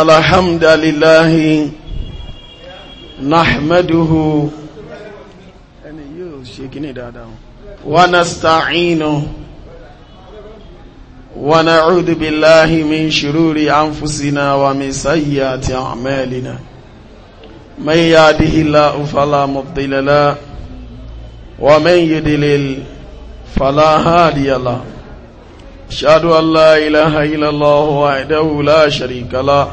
الحمد لله نحمده ونستعينه ونعوذ بالله من شرور أنفسنا ومن سيئات أعمالنا من يهده الله فلا مضل له ومن يضلل فلا هادي له أشهد أن لا إله إلا الله وعده لا شريك له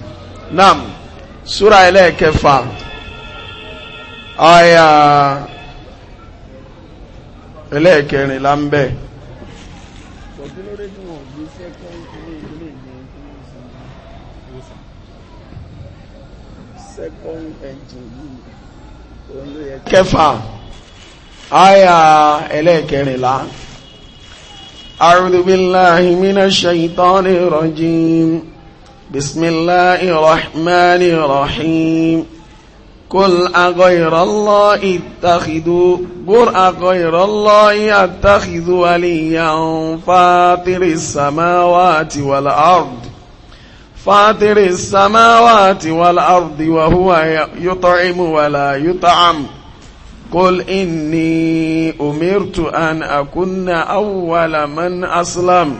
nam sura ẹlẹ́ẹ̀kẹfà aya ẹlẹ́ẹ̀kẹrin la ń bẹ̀. kẹfà aya ẹlẹ́ẹ̀kẹrìnlá. أعوذ بالله من الشيطان الرجيم بسم الله الرحمن الرحيم قل أغير الله اتخذوا قل أغير الله اتخذوا وليا فاطر السماوات والأرض فاطر السماوات والأرض وهو يطعم ولا يطعم قل إني أمرت أن أكون أول من أسلم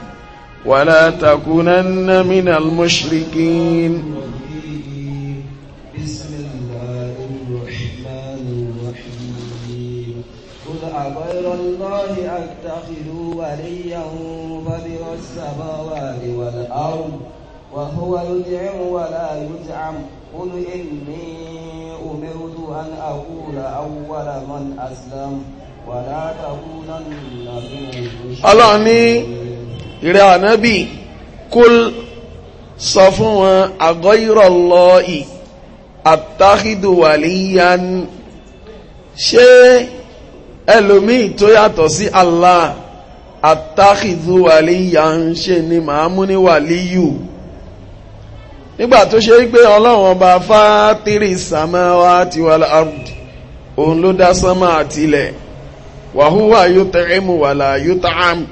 ولا تكونن من المشركين بسم الله الرحمن الرحيم قل أغير الله أتخذوا وليا فبر السماوات والأرض وهو يدعم ولا يزعم قل إني أمرت أن أقول أول من أسلم ولا تكونن من المشركين ìrẹ́ ànábì kúl sọ fún wọn àgọ́ ìrọ̀ lọ́ọ̀ì àtàkìdùwàlíyàn ṣé ẹlòmíì tó yàtọ̀ sí Allah àtàkìdùwàlíyàn ṣe ni màá mú ní wàlíyù nígbà tó ṣe wípé ọlọ́run ọba fátírì sàmáwá ti wà láàrùdì òun ló dá sánmà àtilẹ̀ wàhúwà yóò tẹ̀rẹ́mù wà láà yóò tààmù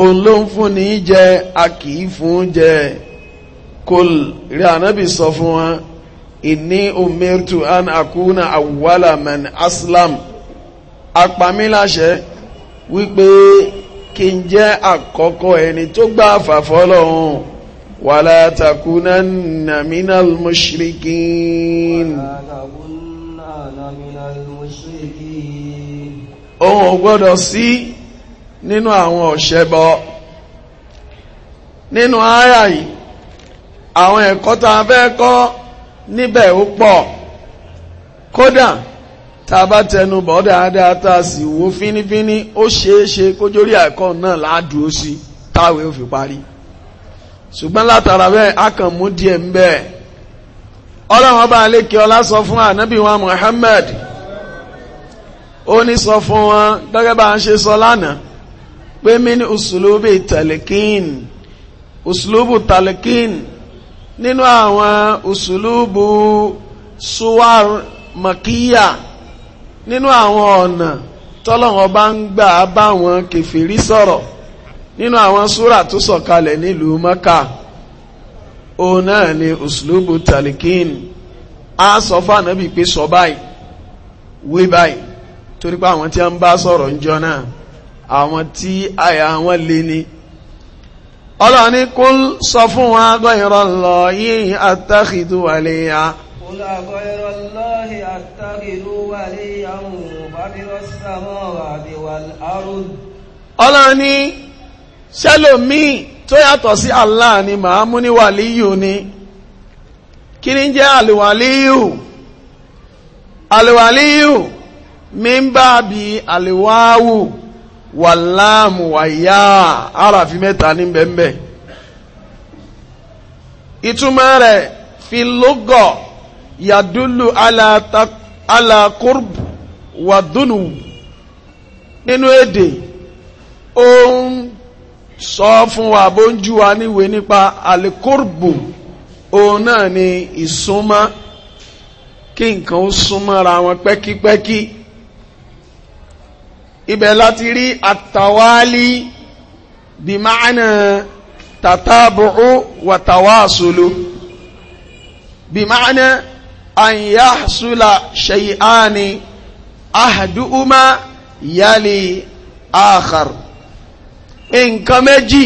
òun ló ń fún ní jẹ a kì í fún jẹ kol rí ànábì sọ fún wọn inni umirtu an akuna awwala man aslam apamiláṣẹ wípé kí n jẹ́ àkọ́kọ́ ẹni tó gbà fàfọ́ lọ́hùn wala takunanna minal mushrikin ohun ò gbọ́dọ̀ sí nínú àwọn ọ̀ṣẹ́bọ nínú àyà yìí àwọn ẹ̀kọ́ tá a fẹ́ kọ́ níbẹ̀ ó pọ̀ kódà tá a bá tẹnu bọ̀ dáadáa tá a sì wo fínífíní ó ṣeé ṣe kójórí ẹ̀kọ́ náà ládùú sí táwé ó fi parí ṣùgbọ́n látara bẹ́ẹ̀ a kàn mú díẹ̀ ń bẹ́ẹ̀ ọlọ́run ọba alékè ọlá sọ fún ànábì wa Muhammad ó ní sọ fún wọn gẹ́gẹ́ bá ń ṣe sọ lánàá pé mí usulubi talikin usulubu talikin nínú àwọn usulubu suwar makiya nínú àwọn ọ̀nà tọ́lọ́wọ́n bá ń gbà báwọn kèfèrí sọ̀rọ̀ nínú àwọn súrà tó sọ̀kalẹ̀ nílùú Mẹ́kà òun náà ni usulubu talikin a sọ fáànà bíi pé sọ báyìí wí báyìí torí pé àwọn tí a ń bá sọ̀rọ̀ ń jọ náà àwọn tí àyà wọn lé ní ọlọ́run ní kó sọ fún wọn agọ́ ìrọ̀lọ́ yìí àtàkìdú wàléyà قل غير الله أتخذ وليا فاطر السماوات والأرض Ọlọ́run ní ṣẹlòmíì tó yàtọ̀ sí Allah ni màá mú ní wàlíyù ni kí ni jẹ́ àlùwàlíyù àlùwàlíyù mímbàbí àlùwáwù wàláàmù wàyá àràfi mẹ́ta ní bẹ́ẹ̀bẹ́ ìtumọ̀ rẹ̀ fi lógọ̀ yàdúlù alákùrb wàdúnù nínú èdè ó ń sọ fún wa bó ń jú wa níwe nípa alikùrbù òun náà ni ìsúnmọ́ kí nǹkan ó súnmọ́ra wọn pẹ́kípẹ́kí ibẹ̀ láti rí àtàwálí bí máàna tàtàbùrú wàtàwásùlù bí máàna àyàsùlà ṣe'áni àhàdùúmá yálì àkàr nǹkan méjì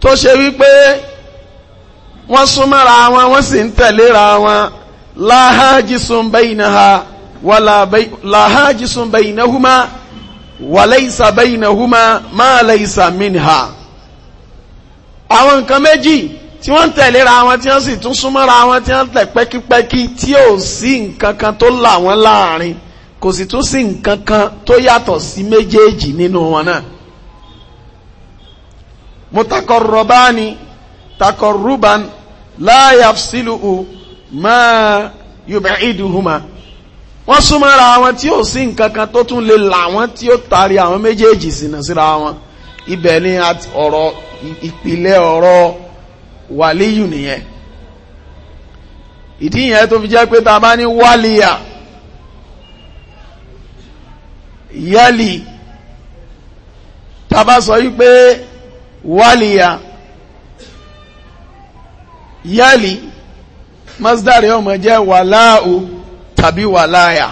tó ṣe wípé wọ́n súnmọ́ra wọn wọ́n sì ń tẹ̀léra wọn láhájísùn bẹ́yìn náà wala hajisun bainahuma walaisa bainahuma ma laisa minha àwọn nǹkan méjì tí wọ́n ń tẹ̀léra wọn tí wọ́n sì tún súnmọ́ra wọn tí wọ́n ń tẹ̀ pẹ́kípẹ́kí tí ò sí nǹkan kan tó là wọ́n láàrin kò sì tún sí nǹkan kan tó yàtọ̀ sí méjèèjì nínú wọn náà mutakorobani takoruban láyàfsílùú máa yùbẹ̀ ìdùhùmá wọ́n súnmọ́ra àwọn tí ò sí nǹkan kan tó tún lè là wọ́n tí ó tari àwọn méjèèjì sínà síra wọn ibẹ̀ ni ọ̀rọ̀ ìpìlẹ̀ ọ̀rọ̀ wàlíyù nìyẹn ìdí yẹn tó fi jẹ́ pé ta bá ní wàlíyà yálì ta bá sọ yí pé wàlíyà yálì masdari ọmọ jẹ́ wàláhù tàbí wàláyà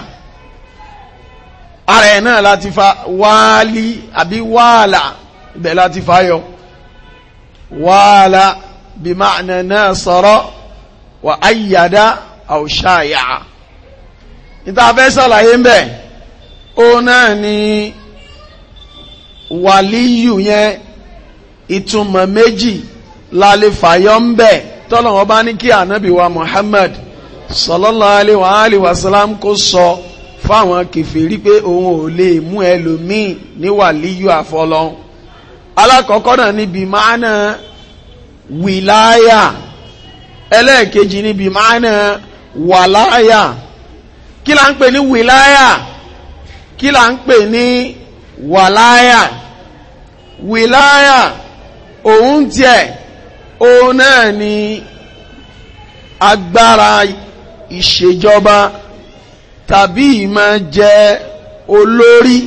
ara ẹ̀ náà láti fa wáálí àbí wáàlà ibẹ̀ láti fa yọ wáàlà bí máàna náà sọ̀rọ̀ wà áyàdá àwòṣáyà níta fẹ́ sàlàyé ń bẹ̀ ó náà ni wàlíyù yẹn ìtumọ̀ méjì lálẹ́ ń bẹ̀ tọ́lọ̀ bá ní kí ànábì Muhammad sallallahu alaihi wa alihi wasalam kó sọ fáwọn kèfèrí pé òun ò lè mú ẹlòmíì ní wàlíyù àfọlọ́hún alákọ̀ọ́kọ́ náà níbi máánà wìláyà ẹlẹ́ẹ̀kejì níbi máánà wàláyà kí la ń pè ní wìláyà kí la ń pè ní wàláyà wìláyà òun tiẹ̀ òun náà ni agbára ìṣèjọba tàbí ìmọ̀ jẹ́ olórí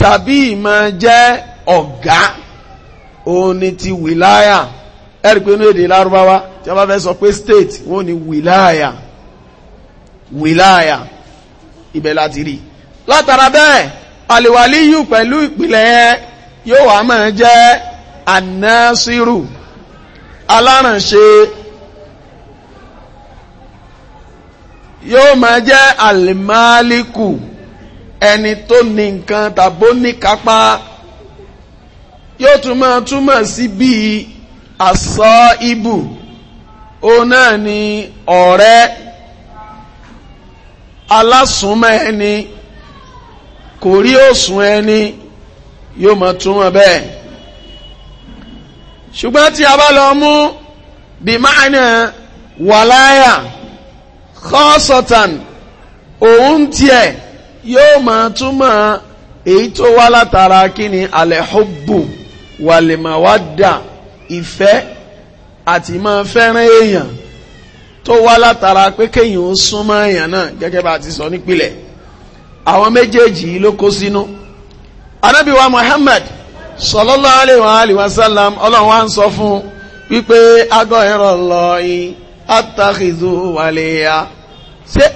tàbí ìmọ̀ jẹ́ ọ̀gá òun ni ti wìláyà ẹ̀rí pé inú èdè lárúbáwá tí wọ́n bá fẹ́ sọ pé state wọ́n ní wìláyà wìláyà ibẹ̀ láti rí látara bẹ́ẹ̀ àlèwàlíyù pẹ̀lú ìpìlẹ̀ yẹn yóò wá máa jẹ́ anásírù alárànṣe yóò máa jẹ́ àlìmáàlìkù ẹni tó ní nǹkan tàbó ní kápá yóò tún máa túmọ̀ sí bíi àsọ ibù òun náà ni ọ̀rẹ́ alásùnmọ́ ẹni kò rí òsùn ẹni yóò máa túmọ̀ bẹ́ẹ̀ ṣùgbọ́n tí a bá lọ mú bí máa ní wàláyà kọ́sọ̀tàn òun tiẹ̀ yóò máa túmọ̀ èyí tó wá látara kíni alẹ́hùbù wàlẹ̀mọ̀wádà ìfẹ́ àti máa fẹ́ràn èèyàn tó wá látara pé kéèyàn ó súnmọ́ èèyàn náà gẹ́gẹ́ bá a ti sọ nípìlẹ̀ àwọn méjèèjì yìí ló kó sínú. Ànábì wa Muhammad sallallahu alayhi wa ọlọ́run wa ń sọ fún wípé agọ́ ẹ̀rọ lọ́ọ́ yìí àtàkìzó wàlẹ́yà ṣé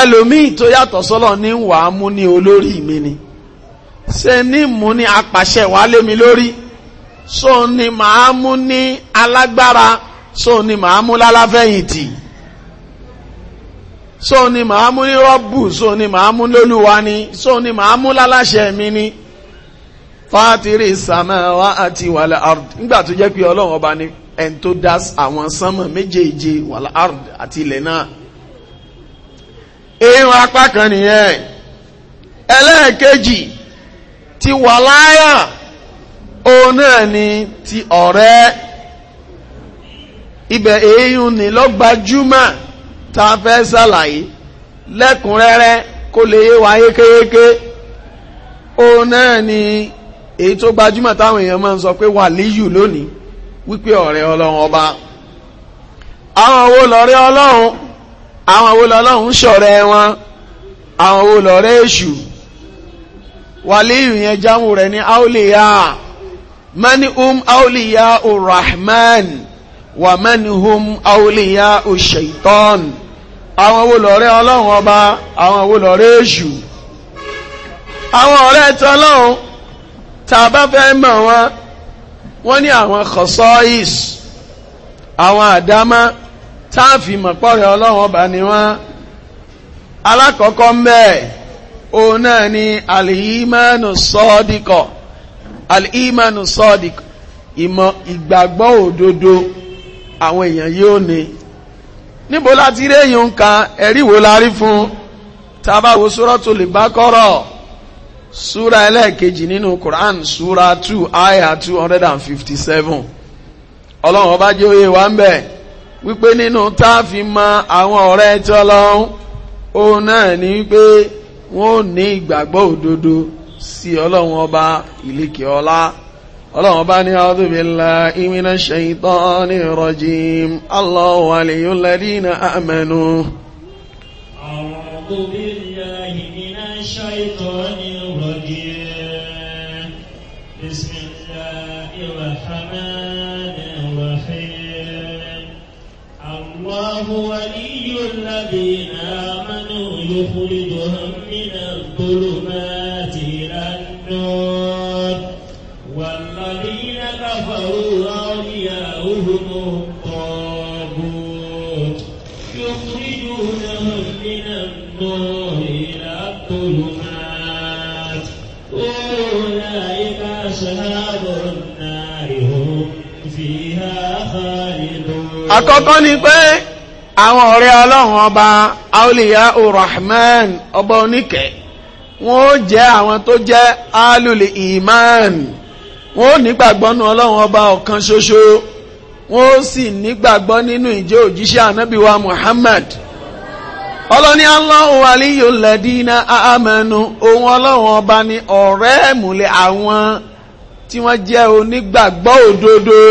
ẹlòmíì tó yàtọ̀ sọ́lọ̀ ní wàá mú ní olórí mi ni ṣe ní mú ní apàṣẹ wàá lé mi lórí so ni màá mú ní alágbára so ni màá mú lálàfẹ̀yìntì so ni màá mú ní rọ́bù so ni màá mú lólúwa ni so ni màá mú láláṣẹ mi ni fàtírì sàmáwá àti wàlẹ̀ àrùd nígbà tó jẹ́ pé ọlọ́run ọba ni ẹni tó dá àwọn sánmọ̀ méjèèje wàlá ard àti ilẹ̀ náà èèyàn apá kan nìyẹn ẹlẹ́ẹ̀kejì ti wàláyà òun náà ni ti ọ̀rẹ́ ibẹ̀ èèyàn ni lọ́gbàjúmọ̀ ta fẹ́ ṣàlàyé lẹ́kùnrẹ́rẹ́ kó lè yé wa yékéyéké òun náà ni èyí tó gbajúmọ̀ táwọn èèyàn máa ń sọ pé wàlíyù lónìí wípé ọ̀rẹ́ ọlọ́run ọba àwọn wo lọ̀rẹ́ ọlọ́run àwọn wo lọ́lọ́run ń ṣọ̀rẹ́ wọn àwọn wo lọ̀rẹ́ èṣù wàlíyù yẹn jámù rẹ̀ ní aoliya mani um aoliya urahman wa mani um aoliya ushaitan àwọn wo lọ̀rẹ́ ọlọ́run ọba àwọn wo lọ̀rẹ́ èṣù àwọn ọ̀rẹ́ tí ọlọ́run tá fẹ́ mọ̀ wọn wọ́n ní àwọn kọ̀sọ́ìs àwọn àdámá táàfì mọ̀pọ̀rẹ̀ ọlọ́run ọba ni wọ́n alákọ̀ọ́kọ́ mẹ́ òun náà ni alìhímánù sọ́ọ́díkọ̀ alìhímánù sọ́ọ́díkọ̀ ìmọ̀ ìgbàgbọ́ òdodo àwọn èèyàn yóò ní níbo láti rí ń ka ẹ̀rí wo la rí fún tabawo suratul Baqara súra ẹlẹ́ẹ̀kejì nínú Quran súra two ayah two hundred and fifty seven ọlọ́run ọba jẹ́ òye wa ń bẹ̀ wípé nínú tá mọ àwọn ọ̀rẹ́ tí ọlọ́run òun náà ní wípé wọ́n ò ní ìgbàgbọ́ òdodo sí ọlọ́run ọba ìlékè ọlá ọlọ́run ọba ní a'udhu billahi minash shaitani rajim Allahu waliyul ladina amanu. a'udhu billahi minash shaitani. الله ولي الذين آمنوا يخرجهم من الظلمات إلى النور والذين كفروا أولياؤهم الطاغوت يخرجونهم من النور إلى الظلمات أولئك أصحاب النار هم فيها خالدون àkọ́kọ́ ni pé àwọn ọ̀rẹ́ ọlọ́run ọba auliya urahman ọba oníkẹ́ wọn ó jẹ́ àwọn tó jẹ́ alul iman wọn ó nígbàgbọ́ nínú ọlọ́run ọba ọ̀kan ṣoṣo wọn ó sì nígbàgbọ́ nínú ìjẹ́ òjíṣẹ́ ànábìwá muhammad ọlọ́ni aláhùn aliyu lẹ́dínà àmẹ́nu ohun ọlọ́run ọba ni ọ̀rẹ́ ẹ̀mùlẹ̀ àwọn tí wọ́n jẹ́ onígbàgbọ́ òdodo.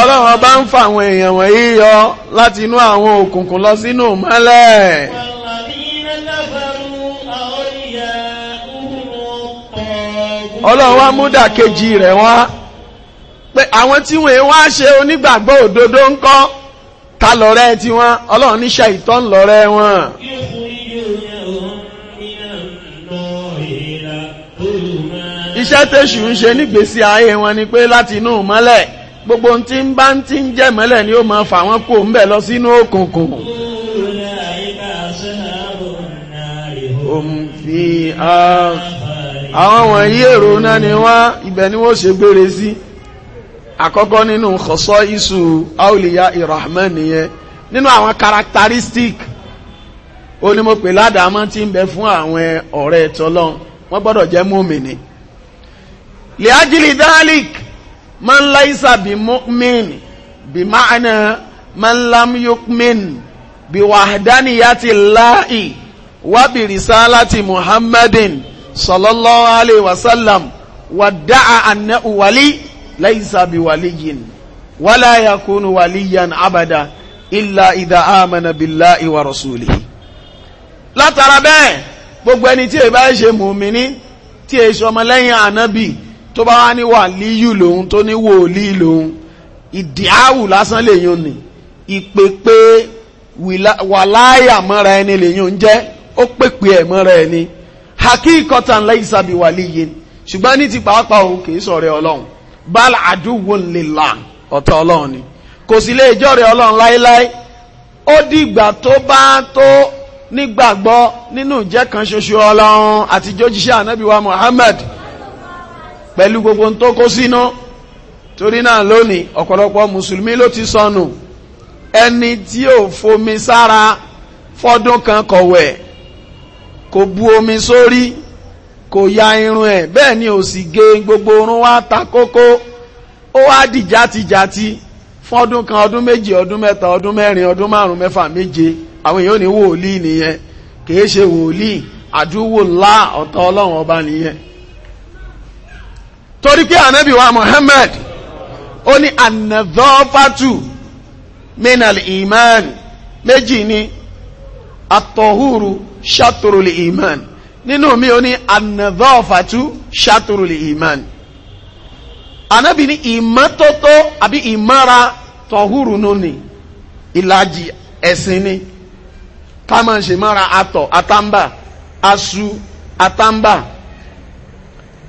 ọlọ́run bá ń fa àwọn èèyàn wọ̀nyí yọ láti inú àwọn òkùnkùn lọ sínú mọ́lẹ̀. ọlọ́run wá mú dàkejì rẹ̀ wá pé àwọn tí wọ́n wá ṣe onígbàgbọ́ òdodo ń kọ́ ta lọ́rẹ́ tiwọn ọlọ́run ní ṣàìtàn lọ́rẹ́ wọn. iṣẹ́ tẹ̀sù ń ṣe nígbésí ayé wọn ni pé láti inú mọ́lẹ̀ gbogbo tí ń bá ń tí ń jẹ́ mọ́lẹ̀ ni ó máa fà wọ́n kó ń bẹ̀ lọ sínú òkùnkùn. òmùfì àwọn wọ̀nyí èrò náà ni wọ́n ibẹ̀ ni wọ́n ṣe gbére sí àkọ́kọ́ nínú kọ̀sọ́ isu auliya irahman nìyẹn nínú àwọn characteristic onímọ̀pẹ̀ ládàámọ́ tí ń bẹ fún àwọn ọ̀rẹ́ tọ́lọ́ wọ́n gbọ́dọ̀ jẹ́ mùmínì. liajili dalik man laisa bi mu'min bi ma'ana man lam yu'min bi wahdaniyati llahi wa bi risalati muhammadin sallallahu alaihi wasallam wa da'a annahu wali laisa bi waliyin wala yakunu waliyan abada illa idha amana billahi wa rasulihi látara bẹ́ẹ̀ gbogbo ẹni tí ẹ bá ṣe mùmíní tí ẹ ṣọmọ ànábì tó bá wá ní wàlíyù lòun tó ní wòlíì lòun ìdíáwù lásán lèyàn ni ìpè pé wàláyà mọ́ra ẹni lèyàn ń jẹ́ ó pèpè ẹ̀ mọ́ra ẹni hakíkọ́tàn laysa bi wàlíyìn ṣùgbọ́n ní ti pàápàá òun kì í sọ̀rẹ́ ọlọ́run bal aduwwun lillah ọ̀tọ̀ ọlọ́run ni kò sí lè jọ́rẹ̀ ọlọ́run láéláé ó dìgbà tó bá tó nígbàgbọ́ nínú ìjẹ́ kan ṣoṣo ọlọ́run àtijọ́ jíṣẹ́ ànábìwá Muhammad pẹ̀lú gbogbo tó kó sínú torí náà lónìí ọ̀pọ̀lọpọ̀ mùsùlùmí ló ti sọnù ẹni tí ò fomi sára fọ́dún kan kọ̀wẹ̀ kò bu omi sórí kò ya irun ẹ̀ bẹ́ẹ̀ ni ò sì gé gbogbo irun wá ta kókó ó wá di játijàti fọ́dún kan ọdún méjì ọdún mẹ́ta ọdún mẹ́rin ọdún márùn mẹ́fà méje àwọn èèyàn ní wòlíì nìyẹn kìí ṣe wòlíì àdúwò ńlá ọ̀tọ̀ ọlọ́run ọba nìyẹn torí pé ànábì wa Muhammad ó ní anadọ́fàtù minal iman méjì ni atọ́húrú ṣàtòròlì iman nínú mi ó ní anadọ́fàtù ṣàtòròlì iman ànábì ní ìmọ́tótó àbí ìmọ́ra tọ́húrú nù ìlàjì ẹ̀sìn ni ká máa ṣe mọ́ra atọ̀ atamba asu atamba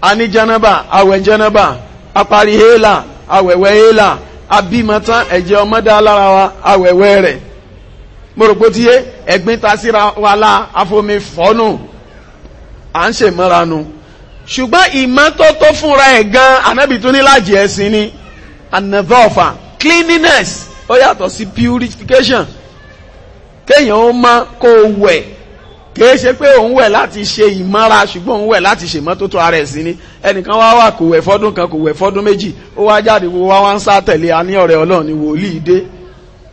ani janaba awẹ̀ janaba apari hela awẹ̀wẹ̀ hela abimata ẹ̀jẹ̀ ọmọdé alára wa awẹ̀wẹ̀ rẹ̀ mọ̀rọ̀pótíyé ẹ̀gbin ta síra wa la afomi fọ́nù à ń ṣe mọ́ra nu ṣùgbọ́n ìmọ́tótó fúnra ẹ̀ gan anábì tún ní lájì ẹ̀sìn ni anavọ́fà cleanliness ó yàtọ̀ sí purification kéèyàn ó mọ́ kó wẹ̀ kìí ṣe pé òun wẹ̀ láti ṣe ìmọ́ra ṣùgbọ́n òun wẹ̀ láti ṣe mọ́tótó ara ẹ̀ ni ẹnìkan wá wà kò wẹ̀ fọ́dún kan kò wẹ̀ fọ́dún méjì ó wá jáde wo wá wá sá tẹ̀lé a ní ọ̀rẹ́ ọlọ́run ni wòlíì dé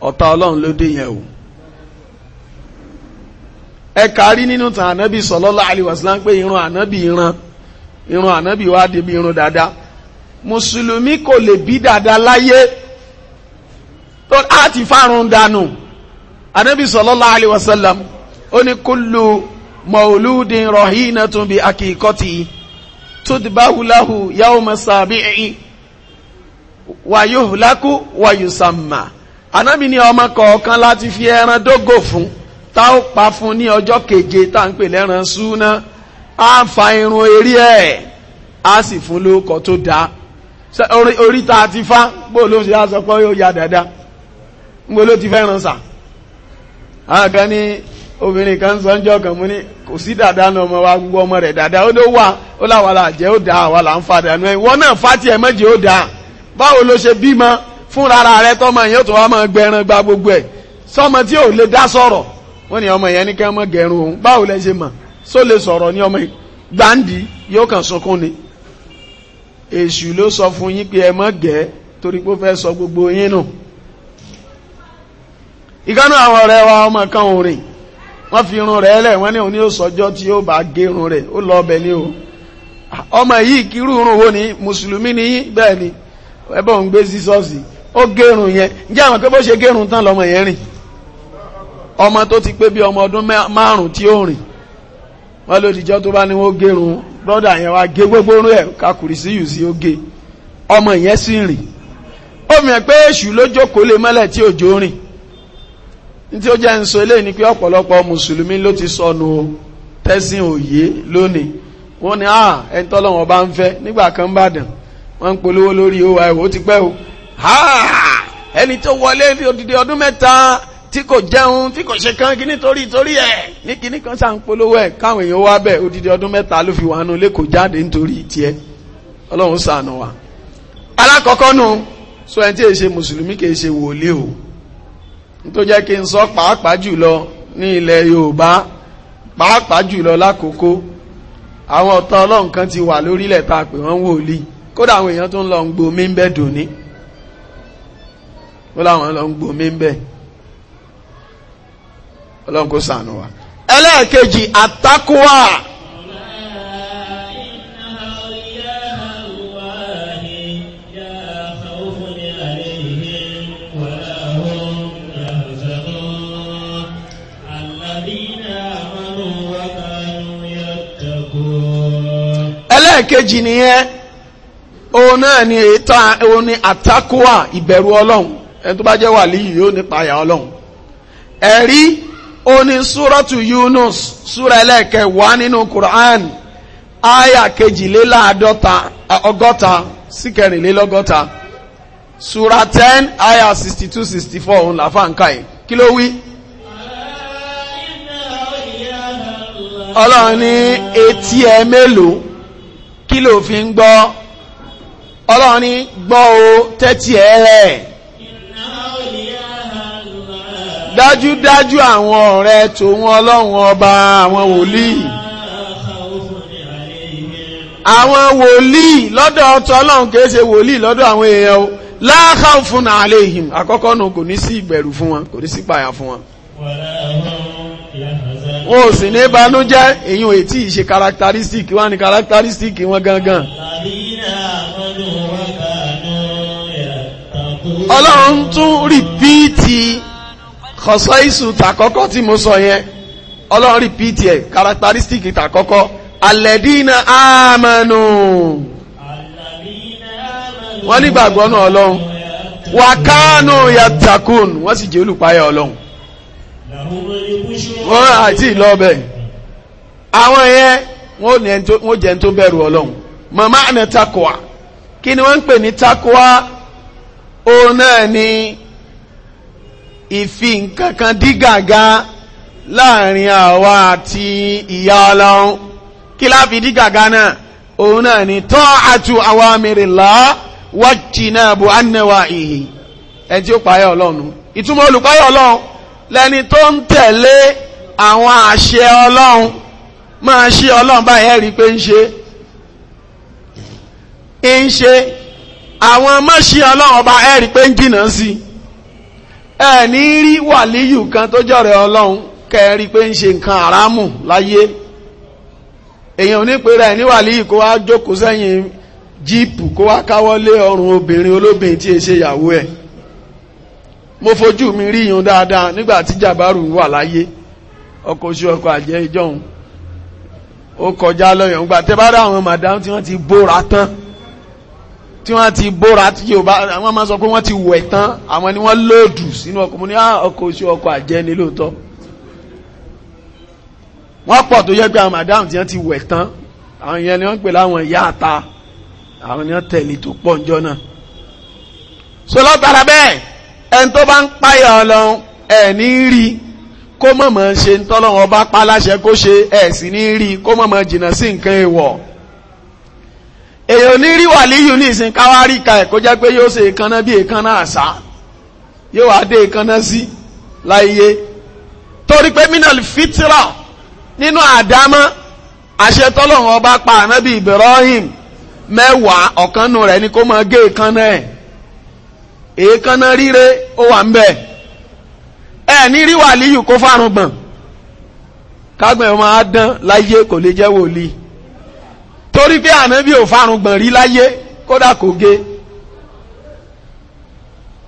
ọ̀tá ọlọ́run ló dé yẹn o. ẹ kárí nínú tàn ànábì sallallahu alaihi wasallam pé irun ànábì ìran irun ànábì wá débi irun dáadáa mùsùlùmí kò lè bí dáadáa láyé ó ní kullu rọ̀hínà tún bí akíkọ́tì tudbáhuláhu yawma sàbíì wàyúhùlákú wàyùsàmà anábì ni ọmọ kọ̀ọ̀kan láti fi ẹran dógò fún ta pa fún ní ọjọ́ keje tá ń pè lẹ́ran súná á fa irun eré ẹ̀ á sì fún lóko tó dáa oríta àti fá ló ṣe á sọ pé ó dáadáa gbọ́ ló ti fẹ́ràn sà. ni obìnrin kan sọ ń jọ dada mú ní kò sí dada náà ọmọ wa gbogbo ọmọ rẹ dada ó ló wà ó làwàlà jẹ ó da àwa là ń fa dànù ẹ náà fati ẹ̀ ó da báwo ló ṣe bímọ fúnra rẹ̀ tọ́mọ yẹn ó gba gbogbo sọmọ tí ò lè dá sọrọ ọmọ yẹn mọ gẹrun òun báwo lẹ ṣe só lè sọrọ ní ọmọ gbàǹdì yóò kàn sunkún ni èṣù sọ fún yín pé ẹ mọ sọ gbogbo yín nù ìkànnì àwọn wa wọ́n fi irun rẹ̀ lẹ̀ wọ́n ní òun ní ó sọjọ́ tí ó bá gérun rẹ̀ ó lọ ọbẹ̀ ni o ọmọ yìí kírú irun wo ni mùsùlùmí ni yín bẹ́ẹ̀ ni ẹbọ ń gbé sísọ́ọ̀sì ó gérun yẹn ǹjẹ́ àwọn pé bó ṣe gérun tán lọmọ yẹn rìn ọmọ tó ti pé bí ọmọ ọdún márùn tí ó rìn wọ́n lódìjọ́ tó bá ní wọ́n gérun brọ́dà yẹn wá gé gbogbo orú kakùrì sí yù sí ó ọmọ yẹn sì rìn ó mìíràn pé èṣù ló jókòó mọ́lẹ̀ tí òjò rìn tí ó jẹ́ ń sọ eléyìí ni pé ọ̀pọ̀lọpọ̀ mùsùlùmí ló ti sọnù o tẹ́sìn òye lónìí wọ́n ní à ah, ẹni tọ́lọ́wọ́n bá ń fẹ́ nígbà kan bá dàn wọ́n ń polówó lórí owó ẹ̀wò ti pẹ́ o ẹni tó wọlé odidi ọdún mẹ́ta tí kò jẹun tí kò ṣe kán kíní torí torí ẹ̀ ní kíní kan sáà ń polówó ẹ̀ káwọn èèyàn wá bẹ̀ odidi ọdún mẹ́ta ló fi wàánu lé jáde nítorí tiẹ̀ ọlọ́run ṣàánú wa alákọ̀ọ́kọ́ nù sọ ẹni tí èṣe mùsùlùmí kì í ṣe wòlíì o tó jẹ́ kí n sọ pàápàá jùlọ ní ilẹ̀ Yorùbá pàápàá jùlọ lákòókò àwọn ọ̀tá Ọlọ́run kan ti wà lórílẹ̀ ta pé wọ́n wòlí kódà àwọn èèyàn tó ń lọ ń gbo mímbẹ́ dòní ó láwọn lọ ń gbo mímbẹ́ Ọlọ́run kó ṣàánú wa ẹlẹ́ẹ̀kejì àtakùwà ẹlẹ́ẹ̀kejì nìyẹn òun náà ni ètò òun ni ìbẹ̀rù ọlọ́run ẹni tó bá jẹ́ wàlíyù yóò nípa àyà ọlọ́run ẹ̀rí súrọ́tù Yunus súra nínú Quran ten sixty two sixty four òun ń káyè kí ló fi ń gbọ́ ọlọ́run ní gbọ́ o tẹ́tí ẹ rẹ̀ dájúdájú àwọn ọ̀rẹ́ tòun ọlọ́run ọba àwọn wòlíì àwọn wòlíì lọ́dọ̀ ọ̀tọ̀ ọlọ́run kìí ṣe wòlíì lọ́dọ̀ àwọn èèyàn o láàkàwọ̀ fún nàálẹ́ ìhìn àkọ́kọ́ nù kò ní sí ìbẹ̀rù fún wọn kò ní sí ìpayà fún wọn. O, ò sì ní banújẹ́ èyí ò tí ì ṣe characteristic wọn ni characteristic wọn gangan. ọlọ́run tún rìpíìtì kọ̀sọ́ ìsù tàkọ́kọ́ tí mo sọ yẹn ọlọ́run rìpíìtì ẹ̀ characteristic tàkọ́kọ́ alẹ́dínà àmánù wọ́n nígbàgbọ́ náà ọlọ́run wàkánù yàtàkùn wọ́n sì jẹ́ olùpáyà ọlọ́run wọ́n àti ìlọ́bẹ̀ àwọn yẹn wọ́n jẹ́ tó bẹ̀rù ọlọ́run màmá àna takoa kí ni wọ́n ń pè ní takoa òun náà ni ìfi nǹkan kan dí gàgá láàrin àwa àti ìyá ọlọ́run kí la fi dí gàgá náà òun náà ni ta'atu awamirillah wajtinabu annawahihi ẹ tí ó payá ọlọ́run ìtumọ̀ olùpayá ọlọ́run lẹni tó ń tẹ̀lé àwọn àṣẹ ọlọ́run máa ṣe ọlọ́run báyìí ẹ̀rí pé ń ṣe ń ṣe àwọn mọ́ṣí ọlọ́run ọba ẹ̀rí pé ń jìnnà sí ẹ̀ ní rí wàlíyù kan tó jọ̀rẹ̀ ọlọ́run kẹ́ẹ̀rí pé ń ṣe nǹkan àrámù láyé èèyàn onípẹ̀rẹ̀ ẹ̀ ní wàlíyù kó wá jókòó sẹ́yìn jíìpù kó wá káwọ́ lé ọrùn obìnrin olóbìnrin tí ì ṣe ìyàwó ẹ̀ mo fojú mi rí yun dáadáa nígbà tí Jabaru wà láyé ọkọ̀ oṣù ọkọ̀ àjẹ́ ìjọun ó kọjá lọ́yọ̀ ńgbà tẹ́ bá rá àwọn madam tí wọ́n ti bóra tán tí wọ́n ti bóra tí yóò bá àwọn máa sọ pé wọ́n ti wẹ̀ tán àwọn ni wọ́n lòdù sínú ọkọ̀ mo ní ah, ọkọ̀ oṣù ọkọ̀ àjẹ́ ni lóòótọ́ wọ́n pọ̀ tó yẹ pé àwọn madam tí wọ́n ti wẹ̀ tán àwọn yẹn ni wọ́n pè láwọn ìyá àta àwọn ni wọ́n tẹ̀lé tó pọ̀ ńjọ́ náà so lọ́tara bẹ́ẹ̀ ẹni tó bá ń páyà ọlọ́run ẹ̀ ní rí kó mọ̀mọ̀ ṣe ń tọ́lọ́run ọba pa láṣẹ kó ṣe ẹ̀ sì ní rí kó mọ̀mọ̀ jìnnà sí nǹkan èèwọ̀ èèyàn ní rí wàlíyù ní ìsìn káwárí ka ẹ̀ kó jẹ́ pé yóò ṣe èékánná bí èékánná àṣà yóò wá dé èékánná sí láyé torí pé minal fitra nínú àdámọ́ àṣẹ tọ́lọ́run ọba pa ànábì Ibrahim mẹ́wàá ọ̀kanú rẹ̀ ni kó mọ gé èékánná ẹ̀ èékánná ríre ó wà ń bẹ ẹ ní rí wàlíyù kó fárun gbọ̀n kágbọn ẹ máa dán láyé kò lè jẹ́ wòlíì torí pé ànábì ò fárun gbọ̀n rí láyé kódà kò gé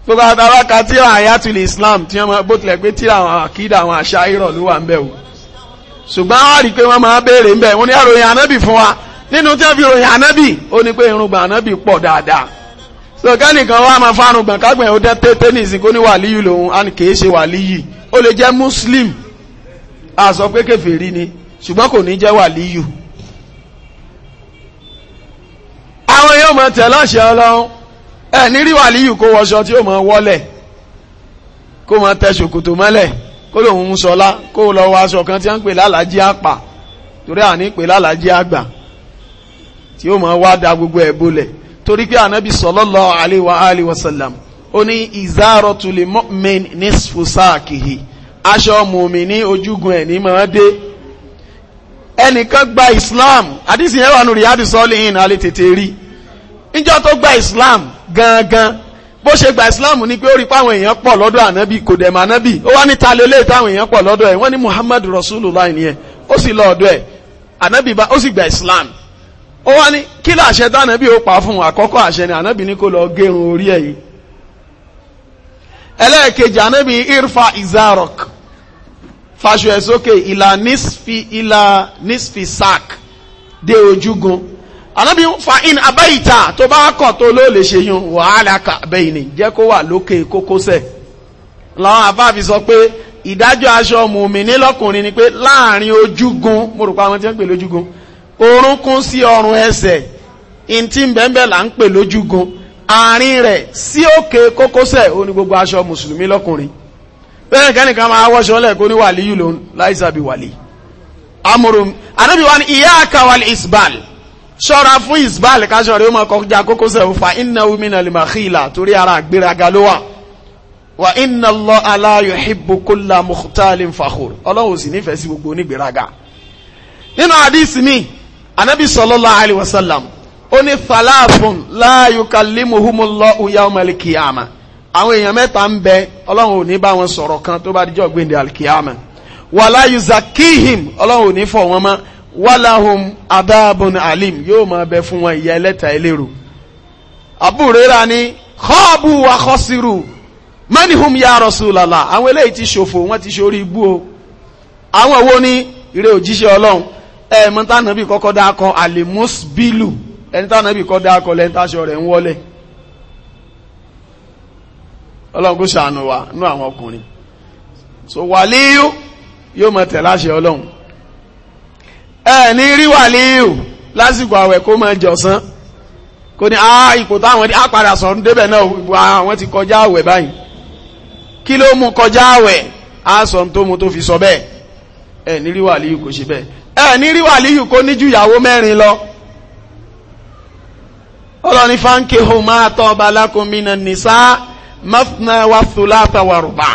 gbogbo àtàwọn kan àyàtúlì Islam tí wọ́n bó tilẹ̀ pé tí àwọn àkídà àwọn àṣà irọ́ ló wà ń bẹ o ṣùgbọ́n wọ́n rí i pé wọ́n máa béèrè ń bẹ wọ́n ní àròyìn ànábì fún wa nínú tí wọ́n fi ròyìn ànábì ó ní pé irùngbọ̀n ànábì pọ̀ dáadáa so kẹ́nìkan wá máa fárun gbọ̀n kágbọ̀n ó dẹ́ tètè ní ìsìnkú ní wàlíyù lòun a kìí ṣe wàlíyì ó lè jẹ́ muslim a sọ pé kèfèrí ni ṣùgbọ́n kò ní jẹ́ wàlíyù àwọn yóò mọ̀ tẹ̀ lọ́ṣẹ̀ ọlọ́run ẹ̀ ní rí wàlíyù kó wọṣọ tí ó mọ̀ wọ́lẹ̀ kó mọ̀ tẹ ṣòkòtò mọ́lẹ̀ kó lòun ń sọlá kó lọ wọ aṣọ kan tí wọ́n ń pè lálàájí àpà torí à pè lálàájí àgbà tí ó mọ̀ wá da gbogbo ẹ̀ bolẹ̀ torí pé ànábì sallallahu alaihi wa alihi wa sallam ó ní izaratul mu'min nisfu sakihi aṣọ mùmí ní ojúgun ẹ̀ ní máa dé ẹnìkan gba islam àdìsí yẹn wà nù riyadu solihin alẹ́ tètè rí níjọ́ tó gba islam gangan bó ṣe gba islam ní pé ó rí páwọn èèyàn pọ̀ lọ́dọ̀ ànábì kò dẹ̀ mọ́ ànábì ó wá níta lélẹ̀ táwọn èèyàn pọ̀ lọ́dọ̀ ẹ̀ wọ́n ní muhammadu rasulullah nìyẹn ó sì lọ ẹ̀ ànábì bá ó sì gba islam ó wá ní kí làṣẹ tánàbí ó pa fún àkọ́kọ́ àṣẹ ni ànábì ní kó lọ gẹrun orí ẹ̀ yìí ẹlẹ́ẹ̀kejì ànábì irfa izarok faṣọ ẹ̀ sókè ìlà nisfi ìlà nisfi sak dé ojúgun ànábì fa in abẹ́yìíta tó bá kọ̀ tó ló lè ṣe yun wàhálà kà bẹ́yìn ni jẹ́ kó wà lókè kókósẹ̀ làwọn àbá sọ pé ìdájọ́ aṣọ mùmí nílọ́kùnrin ni pé láàrin ojúgun mo rò pé àwọn tí wọ́n ń pè lójúgun orúnkún sí ọrùn ẹsẹ̀ ìntí bẹ́ẹ̀bẹ́ẹ̀ là ń pè lójúgun àárín rẹ̀ sí òkè kókósẹ̀ ó ní gbogbo aṣọ mùsùlùmí lọ́kùnrin bẹ́ẹ̀ kẹ́nìkan máa wọ́ṣọ lẹ́ẹ̀kọ́ ní wàlíyù lòun láìsàbí wàlí amúrùn àdébí wa ní ìyá àkàwàlì isbal ṣọ́ra fún isbal káṣọ rẹ̀ ó máa kọjá kókósẹ̀ ó fa inna umina limakhila torí ara àgbéraga ló wà wa inna Allah la yuhibbu kulla mukhtalin fakhur ọlọ́run sì nífẹ̀ẹ́ sí gbogbo onígbéraga nínú àdìsí mi anabi sallallahu alayhi wa sallam ó ní falafun la yukallimuhumullahu yawmal qiyamah àwọn èèyàn mẹ́ta ń bẹ ọlọ́run ò ní bá wọn sọ̀rọ̀ kan tó bá dijọ́ gbẹ̀ndẹ̀ alkiyama wala yuzakihim ọlọ́run ò ní fọ̀ wọn mọ́ walahum adabun alim yóò máa bẹ fún wọn ìyà ẹlẹ́ta ẹlẹ́rù àbúrẹ́ra ni khabu wa khasiru manihum ya rasulallah àwọn eléyìí ti ṣòfò wọ́n ti ṣorí ibú àwọn wo ni ire òjíṣẹ́ ọlọ́run ẹ̀mọ́ tánàbí kọ́kọ́ dákọ alimusbilu ẹni tánàbí kọ́ dákọ lẹ́ntàṣọ rẹ̀ ń wọlé ọlọ́run kó ṣàánú wa nú àwọn ọkùnrin so wàlíyù yóò mọ̀ tẹ̀ láṣẹ ọlọ́run ẹ ní rí wàlíyù lásìkò àwẹ̀ kó máa jọ̀sán kò ní àá ah, ipò táwọn á padà sọ̀rọ̀ débẹ̀ náà ìbò àwọn ti kọjá àwẹ̀ báyìí kí ló mú kọjá àwẹ̀ á sọ tó mu tó fi sọ bẹ́ẹ̀ ẹ ní rí wàlíyù kò ṣe bẹ́ẹ̀ ẹ ní rí wàlíyù kó ní ìyàwó mẹ́rin lọ ọlọ́ni fáńkì homa tọ́ balakomina nìsá mafna wa thulatha wa ruba.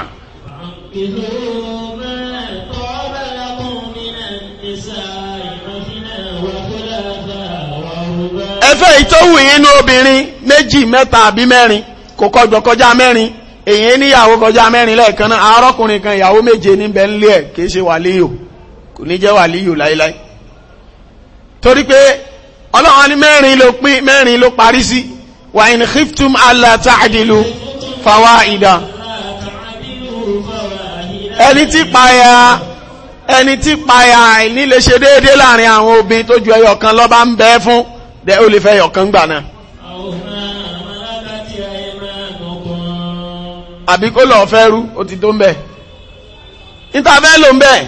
ẹfẹ́ ìtòwù yín ní obìnrin méjì mẹ́ta àbí mẹ́rin kò kọjọ kọjá mẹ́rin èyí níyàwó kọjá mẹ́rin lẹ́ẹ̀kan náà arọ́kùnrin kan ìyàwó méje níbẹ̀ ńlẹ̀ kìí ṣe wàlíyù. kò ní jẹ́ wàlíyù láíláí torí pé ọlọ́run ní mẹ́rin ló pín mẹ́rin ló parí sí wà in khiftum alla ta'dilu fawahida ẹni tí paya ẹni tí paya àìní lè ṣe déédé láàrin àwọn obìnrin tó ju ẹyọ kan lọ ń bẹ fún dẹ ó lè fẹ́ ẹyọ gbà náà àbí lọ fẹ́ rú ó ti tó ń bẹ̀ níta ló ń bẹ̀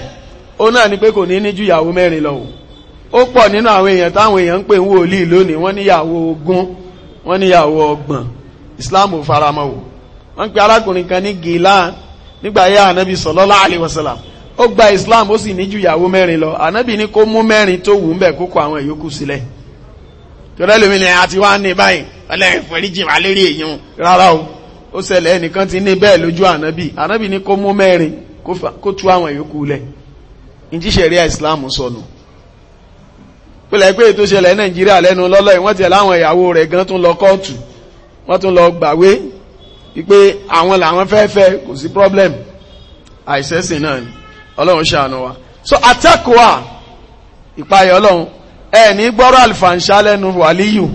ó náà ni pé kò ní ní ju ìyàwó mẹ́rin lọ ó pọ̀ nínú àwọn èèyàn táwọn èèyàn ń pè ń wòlíì lónìí wọ́n níyàwó ogún wọ́n níyàwó ọgbọ̀n islam ò wọ́n pe arákùnrin kan ní gilan nígbà ànábì sallallahu ó gba islam ó sì ní ju ìyàwó mẹ́rin lọ ànábì ní kó tó wù bẹ̀ àwọn ìyókù sílẹ̀ ni ti ní báyìí ìjíṣẹ̀rí islam sọnù pẹ̀lẹ́ pé ètò ìṣẹ̀lẹ̀ nàìjíríà lẹ́nu lọ́lọ́ ìwọ́n ti láwọn ìyàwó rẹ̀ gan tún lọ kóòtù wọ́n tún lọ gbàwé wípé àwọn làwọn fẹ́ kò sí problem àìsẹ́sìn náà ni ọlọ́run ṣàánú wa so àtẹ́kùwà ìpayọ̀ ọlọ́run ẹ ní gbọ́rọ̀ àlùfàǹṣá lẹ́nu wàlíyù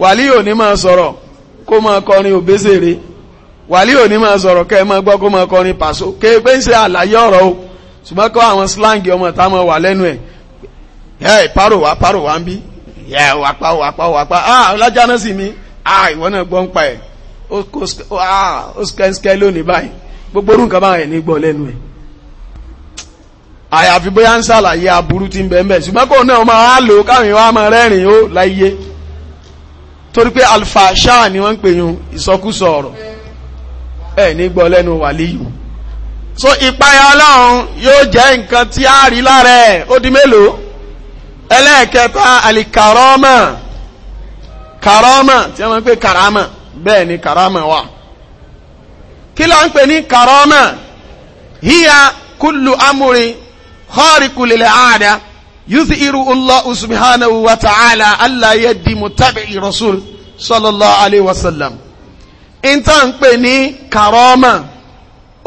wàlíyù ní máa sọ̀rọ̀ kó máa kọrin òbésèrè wàlíyù ní máa sọ̀rọ̀ kẹ́ ẹ máa gbọ́ kó máa kọrin pàṣọ kéèpé ń ṣe àlàyé ọ̀rọ̀ o ṣùgbọ́n kọ́ àwọn slangi ọmọ táwọn wà lẹ́nu ẹ̀ ẹ̀ paro wa paro wa ń bí ẹ̀ wàpá wàpá wàpá ah ọlájà náà sì mi ah ìwọ náà gbọ́n pa ẹ̀ ó skẹ́skẹ́ lónìí báyìí gbogbo orú nǹkan báyìí ní gbọ́ lẹ́nu ẹ̀ àyàfi bóyá ń ṣàlàyé aburú tí ń bẹ ń bẹ ṣùgbọ́n kò náà máa lò káwọn èèyàn máa rẹ́rìn ó láyé torí pé alfa ṣáà ni wọ́n ń pè yun ìsọkúsọ ọ̀rọ̀ ẹ̀ ní gbọ́ lẹ́nu wàlíyù so ìpayà ọlọ́run yóò jẹ́ nǹkan tí a rí lára ẹ̀ ó di mélòó ẹlẹ́ẹ̀kẹta àlìkàrọ́mà kàrọ́mà tí wọ́n pè kàrámà bẹ́ẹ̀ ni kàrámà wà kí ló ń pè ní kàrọ́mà hiya kullu amuri khariqulil aada yuzhiru Allahu subhanahu wa ta'ala alla yadi mutabi'i rasul sallallahu alayhi wa sallam in pè ní kàrọ́mà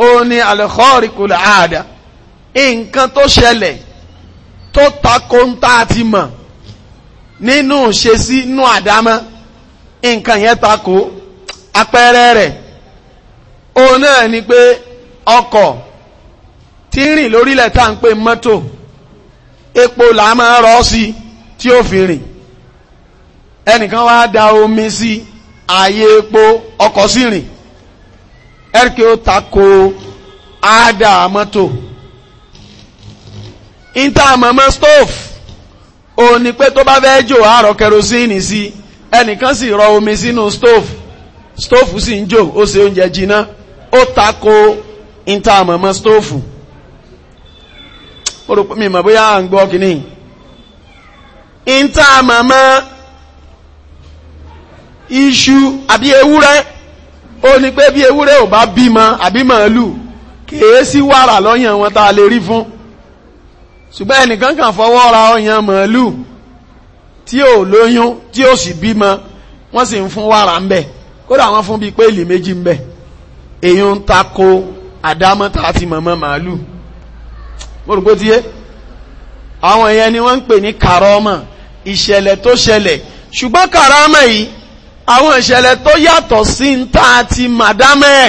ó ní alẹ́kọ́ọ̀rìkùlẹ̀ àdá nǹkan tó ṣẹlẹ̀ tó takò ń tá ti mọ̀ nínú ṣe sí inú àdámọ́ nǹkan yẹn takò apẹ́rẹ́ rẹ̀ ó náà ni pé ọkọ̀ tí ń rìn lórílẹ̀ tá à ń pè mọ́tò epo là á máa rọ́ sí tí ó fi rìn ẹnìkan wá da omi sí ààyè epo ọkọ̀ sí rìn ẹ̀rìkì ó ada áádà mọ́tò intamọ̀mọ́ stove ó ní pé tó bá fẹ́ jò àárọ̀ kẹrosíìnì sí ẹnìkan sì rọ omi sínú stove stove sì ń jò ó ṣe oúnjẹ jiná ó tako intamọ̀mọ́ stove ó rò pé mi mọ̀ bóyá à ń gbọ́ kìíní intamọ̀mọ́ iṣu àbí ewúrẹ́ ó ní pé bí ewúrẹ́ ò bá bímọ àbí màálù kèé sí wàrà lọ́yàn wọn tá a lè rí fún ṣùgbọ́n ẹnìkan kan fọwọ́ ra ọyàn màálù tí ò lóyún tí ò sì bímọ wọ́n sì ń fún wàrà ń bẹ̀ kódà wọ́n fún bíi péèlì méjì ń bẹ̀ èyí ń tako àdámọ́ta àti mọ̀mọ́ màálù mo àwọn yẹn ni wọ́n ń pè ní kàrọ́mà ìṣẹ̀lẹ̀ tó ṣẹlẹ̀ ṣùgbọ́n kàrọ́mà yìí àwọn ìṣẹ̀lẹ̀ tó yàtọ̀ sí ń ta àti màdámẹ́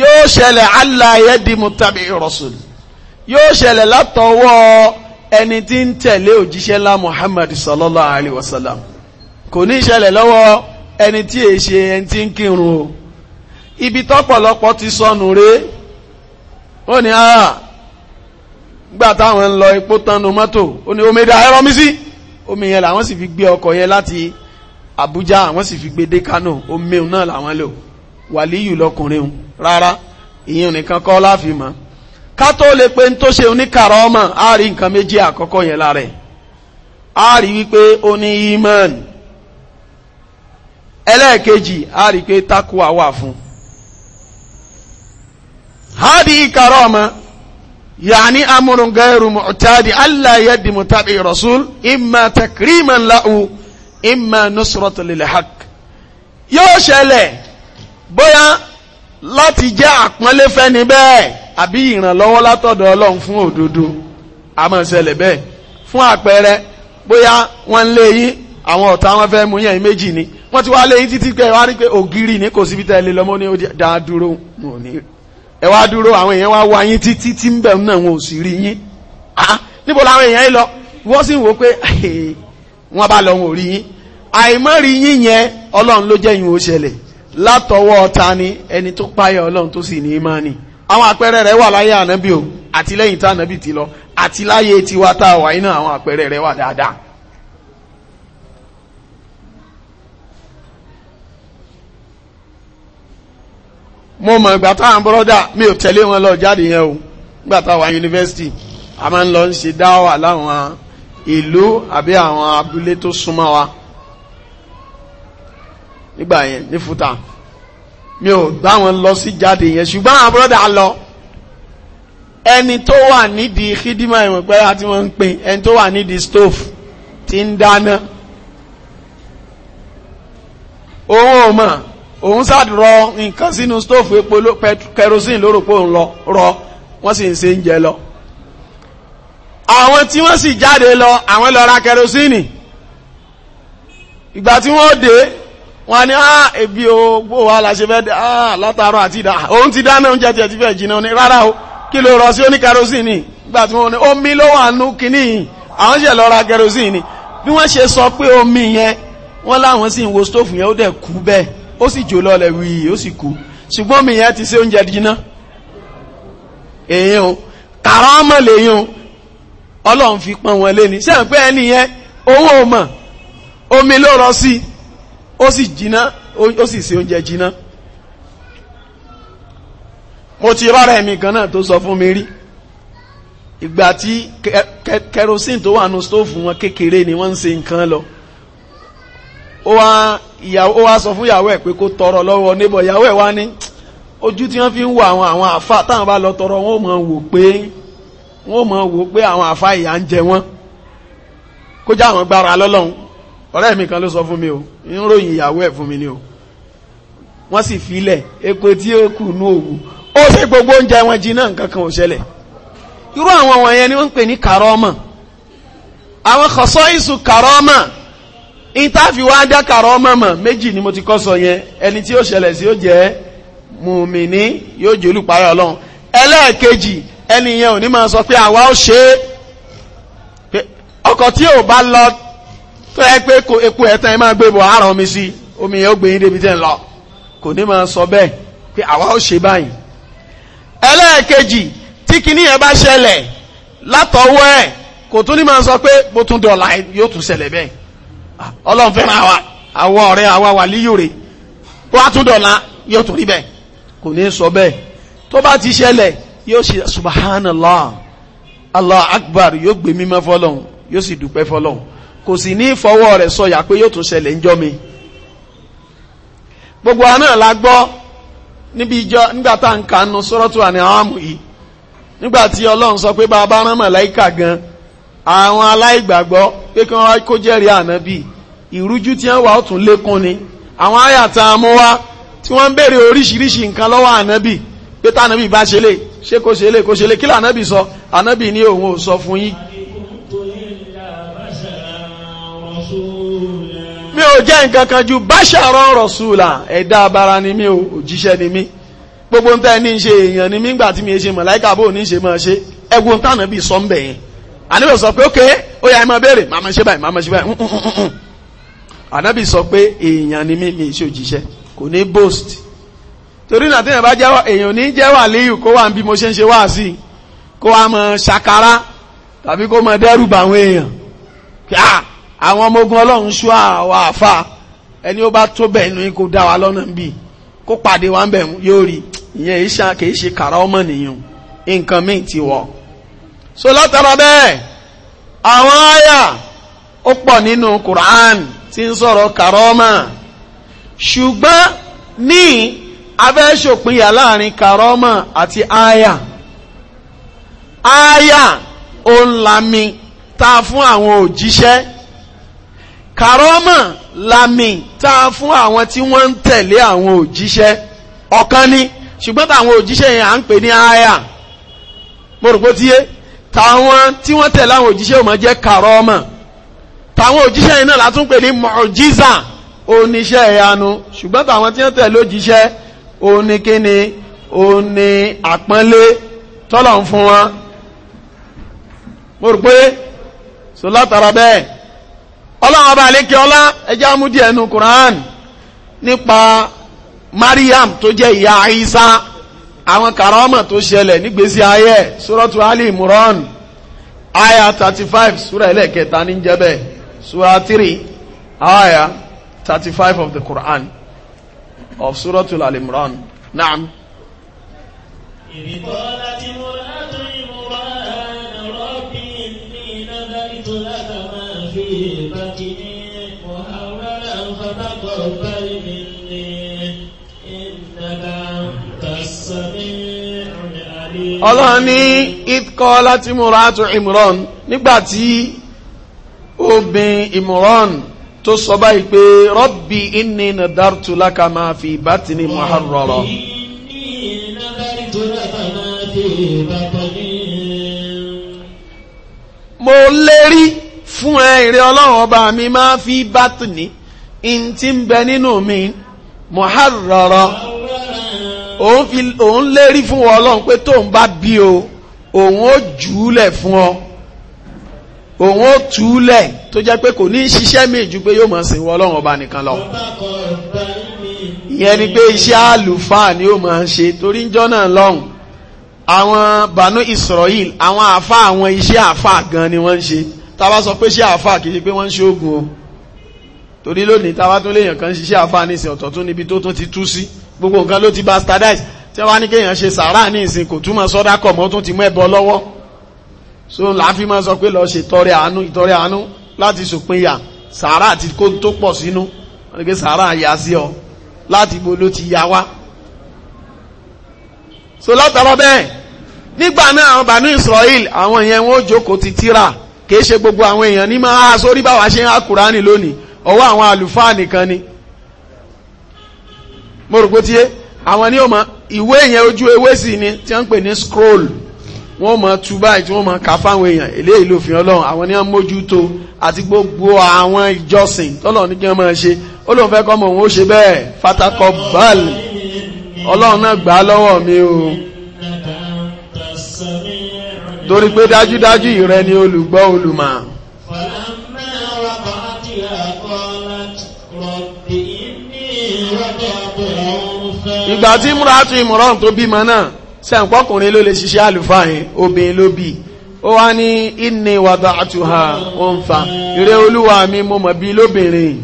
yóò ṣẹlẹ̀ aláyẹ́dìmú tàbí rasul yóò ṣẹlẹ̀ látọwọ́ ẹni tí ń tẹ̀lé òjíṣẹ́ lá Muhammad sallallahu alayhi wa sallam kò ní ṣẹlẹ̀ lọ́wọ́ ẹni tí è ṣe ẹni tí ń kírun o ibi tọ́pọ̀lọpọ̀ ti sọnù rèé ó ní ara gbà táwọn ń lọ epo tánu mọ́tò ó ní omi dá ẹrọ mi sí omi yẹn làwọn sì fi gbé ọkọ̀ yẹn láti Abuja, àwọn sì fi gbé dé Kánò ó mẹ́un náà làwọn lò wàlíyù lọkùnrin un rárá ìyẹn nìkan kọ́ láfi mọ́ ká tó lè pé ń tó ṣe oníkàrọ̀ ọmọ á rí nǹkan méjì àkọ́kọ́ yẹn lára ẹ̀ á rí wípé ó ní imán ẹlẹ́ẹ̀kejì á rí pé takuwa wà fún hádìí ìkàrọ̀ ọmọ yàní amúrùngẹ́rù mọ̀tádì aláyẹ̀dì rasul imma takriman lahu imma nusrat lil haq yóò ṣẹlẹ̀ bóyá láti jẹ́ àpọ́nlé fẹ́ni bẹ́ẹ̀ àbí ìrànlọ́wọ́ látọ̀dọ̀ ọlọ́run fún òdodo a máa ṣẹlẹ̀ bẹ́ẹ̀ fún àpẹẹrẹ bóyá wọ́n ń lé yín àwọn ọ̀tá wọn fẹ́ mú yẹn méjì ni wọ́n ti wá lé yín títí pé ẹ wá rí pé ògiri ní kò síbi tẹ́lẹ̀ lọ́mọ ní ó dáa dúró ẹ wá dúró àwọn èèyàn wá wá yín títí tí ń bẹ̀ náà wọn ò sì rí yín ah, níbo làwọn èèyàn yìí lọ wọ́n sì ń wò pé wọ́n bá lọ rí yín àìmọ́rí yíyẹn ọlọ́run ló jẹ́yìn ó ṣẹlẹ̀ látọwọ́ ta ni ẹni tó páyà ọlọ́run tó sì ní ìmánì àwọn àpẹẹrẹ rẹ̀ wà láyé ànábì o àti lẹ́yìn tá ànábì ti lọ àti láyé tiwa tá a wà iná àwọn àpẹẹrẹ rẹ̀ wà dáadáa. mo mọ̀ ìgbà táwọn bọ́rọ́dà mi ò tẹ̀lé wọn lọ jáde yẹn o nígbà táwọn yunifásitì a máa ń lọ ń ṣe dáwà láwọn ìlú àbí àwọn abúlé tó súnmọ́ wa nígbà yẹn ní fúta mi ò gbá wọn lọ sí jáde yẹn ṣùgbọ́n àwọn bọ́dà lọ ẹni tó wà nídìí kídímà ìwọ̀n pẹ́lá tí wọ́n ń pè ẹni tó wà nídìí stove ti ń dáná òun ò mọ̀ òun ṣàdúrọ nǹkan sínú stove epo kerosene lóró pé òun lọ rọ wọ́n sì ń ṣe oúnjẹ lọ àwọn tí wọ́n sì jáde lọ àwọn lọ ra kerosene ìgbà tí wọ́n dé wọ́n ní ah ebi o gbó wa la fẹ́ ah látàárọ̀ àti ìdá òun ti dáná oúnjẹ tiẹ̀ ti fẹ́ jìnnà ní rárá o kí ló rọ sí ó ní kerosene nígbà tí wọ́n ní omi ló wà nú kínní àwọn ṣe lọ ra kerosene bí wọ́n ṣe sọ pé omi yẹn wọ́n láwọn sì ń wo stóòfù yẹn ó dẹ̀ kú bẹ́ẹ̀ ó sì jò lọlẹ̀ wíì ó sì kú ṣùgbọ́n omi yẹn ti ṣe oúnjẹ jìnnà èyí o kàrọ́ ọmọ lèyí o ọlọ́run fi pọ́n wọn lé ni ṣé à ń pẹ́ ẹni ó sì jiná ó sì ṣe oúnjẹ jiná mo ti rárá ẹ̀mí kan náà tó sọ fún mi rí ìgbà tí kerosene tó wà nù stóòfù wọn kékeré ni wọ́n ń ṣe nǹkan lọ ó wá ìyàwó ó sọ fún ìyàwó ẹ̀ pé kó tọrọ lọ́wọ́ níbọ̀ ìyàwó ẹ̀ wá ní ojú tí wọ́n fi ń wo àwọn àwọn àfa táwọn bá lọ tọrọ wọn ò mọ̀ wò pé wọn ò mọ̀ wò pé àwọn àfa ìyà ń jẹ wọn kó já àwọn gbára lọ́lọ́run ọ̀rẹ́ mi kan ló sọ fún mi o ń ròyìn ìyàwó ẹ̀ fún mi ni o wọ́n sì filẹ̀ epo tí ó kù ní òwú ó ṣe gbogbo oúnjẹ wọn jiná nǹkan kan ò ṣẹlẹ̀ irú àwọn wọ̀nyẹn ni wọ́n ń pè ní kàrọ́mà àwọn kọ̀sọ́ ìsù kàrọ́mà ìtàfíwá dá kàrọ́mà mọ̀ méjì ni mo ti kọ́ sọ yẹn ẹni tí ó ṣẹlẹ̀ sí ó jẹ́ mùmíní yóò jẹ́ olùpàrọ̀ ọlọ́run ẹlẹ́ẹ̀kejì ẹni yẹn ò ní máa sọ pé àwa ó ṣe é ọkọ̀ tí ò bá lọ tó yẹ pé epo ẹ̀tàn ẹ máa gbé bọ̀ àárọ̀ omi sí omi yẹn ó gbé yín débi tẹ́ ń lọ kò ní máa sọ bẹ́ẹ̀ pé àwa ó ṣe báyìí ẹlẹ́ẹ̀kejì tí kinní yẹn bá ṣẹlẹ̀ látọwọ́ ẹ̀ kò tún ní máa sọ pé bó tún dọ̀la yóò tún ṣẹlẹ̀ bẹ́ẹ̀ ah, ọlọ́run fẹ́ràn àwa àwọ ọ̀rẹ́ àwa wà líyòrè bó wá tún dọ̀la yóò tún rí bẹ́ẹ̀ kò ní sọ bẹ́ẹ̀ tó bá ti ṣẹlẹ̀ yóò ṣe subhanallah allah akbar yóò gbé mímọ́ fọlọ́hún yóò sì dúpẹ́ fọlọ́hún kò sì ní fọwọ́ rẹ̀ sọyà pé yóò tún ṣẹlẹ̀ ńjọ́ mi gbogbo wa náà la gbọ́ níbi ìjọ nígbà tá à ń kà nù sọ́rọ́tù àníhàmù yìí nígbà tí ọlọ́run sọ pé bàbá rán màláìkà gan àwọn aláìgbàgbọ́ pé kí wọ́n kó jẹ́rìí ànábì ìrújú tí wọ́n wà ó tún lékún ni àwọn àyàtà amúwá tí wọ́n ń béèrè oríṣiríṣi nǹkan lọ́wọ́ ànábì pé tànábì bá ṣe lè ṣe kó ṣe lè kó ṣe lè kí lànábì sọ ànábì ní òun ò sọ fún yín mi ò jẹ́ nǹkan kan ju báṣàrọ̀ rọ̀sùlà ẹ̀dá abara ni mi ò òjíṣẹ́ ni mi gbogbo ń tẹ́ ní ni mi ń gbà tí mi ṣe mọ̀láìkà bó ní ṣe máa ṣe tànà sọ́ńbẹ̀ yẹn ànábì sọ pé ó yà máa màmá ṣe báyìí màmá ṣe báyìí mm, mm, mm, ànábì sọ pé èèyàn ni mi mi ṣe òjíṣẹ́ kò ní boast torí náà téèyàn bá jẹ́ èèyàn ní kó wà ń bí mo ṣe ń ṣe sí kó wà àwọn ọmọ ogun ọlọ́run ṣú àwọn àfa ẹni ó bá tó bẹ́ẹ̀ nu kó dá wa lọ́nà bíi kó pàdé wa ń bẹ̀ yóò rí ìyẹn ìṣà kìí ṣe kàrá ọmọ nìyẹn nǹkan míì ti wọ̀. so látara bẹ́ẹ̀ àwọn àyà ó pọ̀ nínú Quran tí ń sọ̀rọ̀ kàrá ọmọ ṣùgbọ́n ní abẹ́ṣòpinya láàrin kàrá ọmọ àti àyà àyà ó ń lami ta fún àwọn òjíṣẹ́ kàrọ́mọ̀ làmì tá a fún àwọn tí wọ́n ń tẹ̀lé àwọn òjíṣẹ́ ọ̀kan ni ṣùgbọ́n táwọn òjíṣẹ́ yẹn à ń pè ní aya mo rò pé ó ti yé táwọn tí wọ́n tẹ̀lé àwọn òjíṣẹ́ ò máa jẹ́ kàrọ́mọ̀ táwọn òjíṣẹ́ yẹn náà látún pè ní mọ̀jísà oníṣẹ́ ìyanu ṣùgbọ́n táwọn tí wọ́n tẹ̀lé òjíṣẹ́ oníkíni oní àpọ́nlé tọ́lọ̀ ń fún wọn mo ọlọ́run ọba àlékè ọlá ẹjẹ́ amúdí ẹnu Quran nípa Mariam tó jẹ́ ìyá Isa àwọn kàrámà tó ṣẹlẹ̀ nígbésí ayé suratu Ali Imran aya 35 sura ẹlẹ́kẹta ní jẹ́bẹ̀ sura 3 aya 35 of the Quran of suratu Ali Imran naam. ìrìtọ́lá تقبل مني إنك أنت السميع العليم ọlọ́run ní ìtkọ́ láti muratu imran nígbàtí obìn imran tó sọ báyìí pé rọ́bì inni nadartu laka ma fi batni muharrara. mo lérí fún ẹ ìrẹ́ ọlọ́run ọba mi máa fi batni in ti ń bẹ nínú mi muharrara òun lérí fún ọ ọlọ́run pé tóun bá bí o òun ó jùúlẹ̀ fún ọ òun ó túúlẹ̀ tó jẹ́ pé kò ní ṣiṣẹ́ míì ju pé yóò máa sìn wọ ọlọ́run ọba nìkan lọ ìyẹn ni pé iṣẹ́ àlùfáà ni ó máa ń ṣe torí ń jọ́nà lọ́hùn àwọn banu Israel àwọn àáfàá àwọn iṣẹ́ àáfàá gan ni wọ́n ń ṣe tá a bá sọ pé iṣẹ́ àáfàá kì í ṣe pé wọ́n ń ṣe oògùn o torí lónìí táwa tó léèyàn kan ṣiṣẹ́ àfáàníṣẹ́ ọ̀tọ̀ tó níbi tó tó ti tú sí gbogbo nǹkan ló ti bastardize tí wọ́n ní kéèyàn ṣe sàárà ní ìsìn kò túmọ̀ sọ́dá mọ́ tó ti mú ẹbọ lọ́wọ́ so láàfin máa sọ pé lọ ṣe tọrẹ àánú ìtọrẹ àánú láti ṣòpinya sàárà àti kó tó pọ̀ sínú wọ́n ní sàárà yà sí ọ láti bo ló ti yà wá so látara bẹ́ẹ̀ nígbà náà àwọn bànú Israel àwọn èèyàn wọn ò jókòó ti tíra kì í ṣe gbogbo àwọn èèyàn ní máa há sórí báwa ṣe ń há Kùránì lónìí ọwọ́ àwọn àlùfáà nìkan ni mo rò pé tiye àwọn ní ọmọ ìwé yẹn ojú ewé sì ni tí wọ́n ń pè ní scroll wọ́n mọ̀ tú báyìí tí wọ́n mọ̀ kà fáwọn èèyàn eléyìí lòfin ọlọ́run àwọn ní wọ́n mójútó àti gbogbo àwọn ìjọsìn tọ́lọ̀ ní kí wọ́n máa ṣe ó lóun fẹ́ kọ́ mọ̀ òun ó ṣe bẹ́ẹ̀ fatakọ báàlì ọlọ́run náà gbà á lọ́wọ́ mi o torí pé dájúdájú ìrẹ olùgbọ́ olùmọ̀ ìgbà tí múratù ìmọ̀ràn tó bímọ náà sẹ́ǹkọ́kùnrin ló lè ṣiṣẹ́ àlùfáà obìnrin ló bí ó wá ní inni wada'tuha unfa ìrẹ́ olúwa mi mo mọ̀ bí lóbìnrin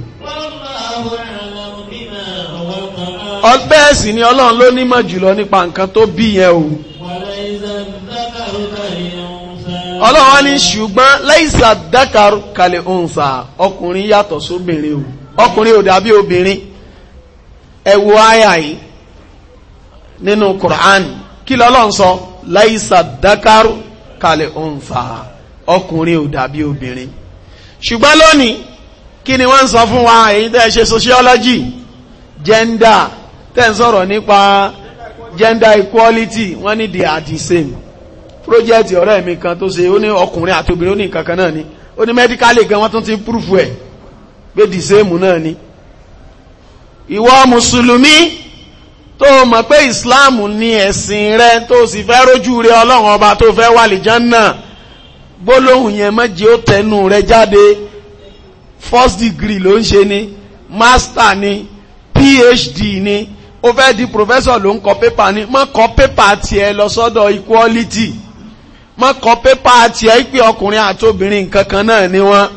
ọgbẹ́ ẹ̀sìn ni ọlọ́run ló nímọ̀ jùlọ nípa nǹkan tó bí yẹn o ọlọ́run ní ṣùgbọ́n laisa dhakaru kal unsa ọkùnrin yàtọ̀ sóbìnrin o ọkùnrin ò dàbí obìnrin àyà nínú Qur'an kí lọ́lọ́n sọ láìsà dákàrú kalẹ̀ òǹfà ọkùnrin ò dàbí obìnrin ṣùgbọ́n lónìí kí ni wọ́n sọ fún wa èyí tẹ́ ṣe sociology gender tẹ́ sọ̀rọ̀ nípa gender equality wọ́n ní they are the same project ọ̀rẹ́ mi kan tó ṣe ó ní ọkùnrin àti obìnrin ó ní kankan náà ni ó ní medically gan wọ́n tún ti proof ẹ̀ pé the same náà ni ìwọ mùsùlùmí tó mọ̀ pé islam ni ẹ̀sìn rẹ tó sì fẹ́ rójú rẹ ọlọ́run ọba tó fẹ́ wà lìjánà gbólóhùn yẹn méje ó tẹnu rẹ jáde first degree ló ń ṣe ni master ni phd ni ó fẹ́ di professor ló ń kọ pépà ni má kọ pépà tiẹ̀ lọ sọ́dọ̀ equality má kọ pépà tiẹ̀ pé ọkùnrin àtobìnrin nǹkan kan náà ni wọ́n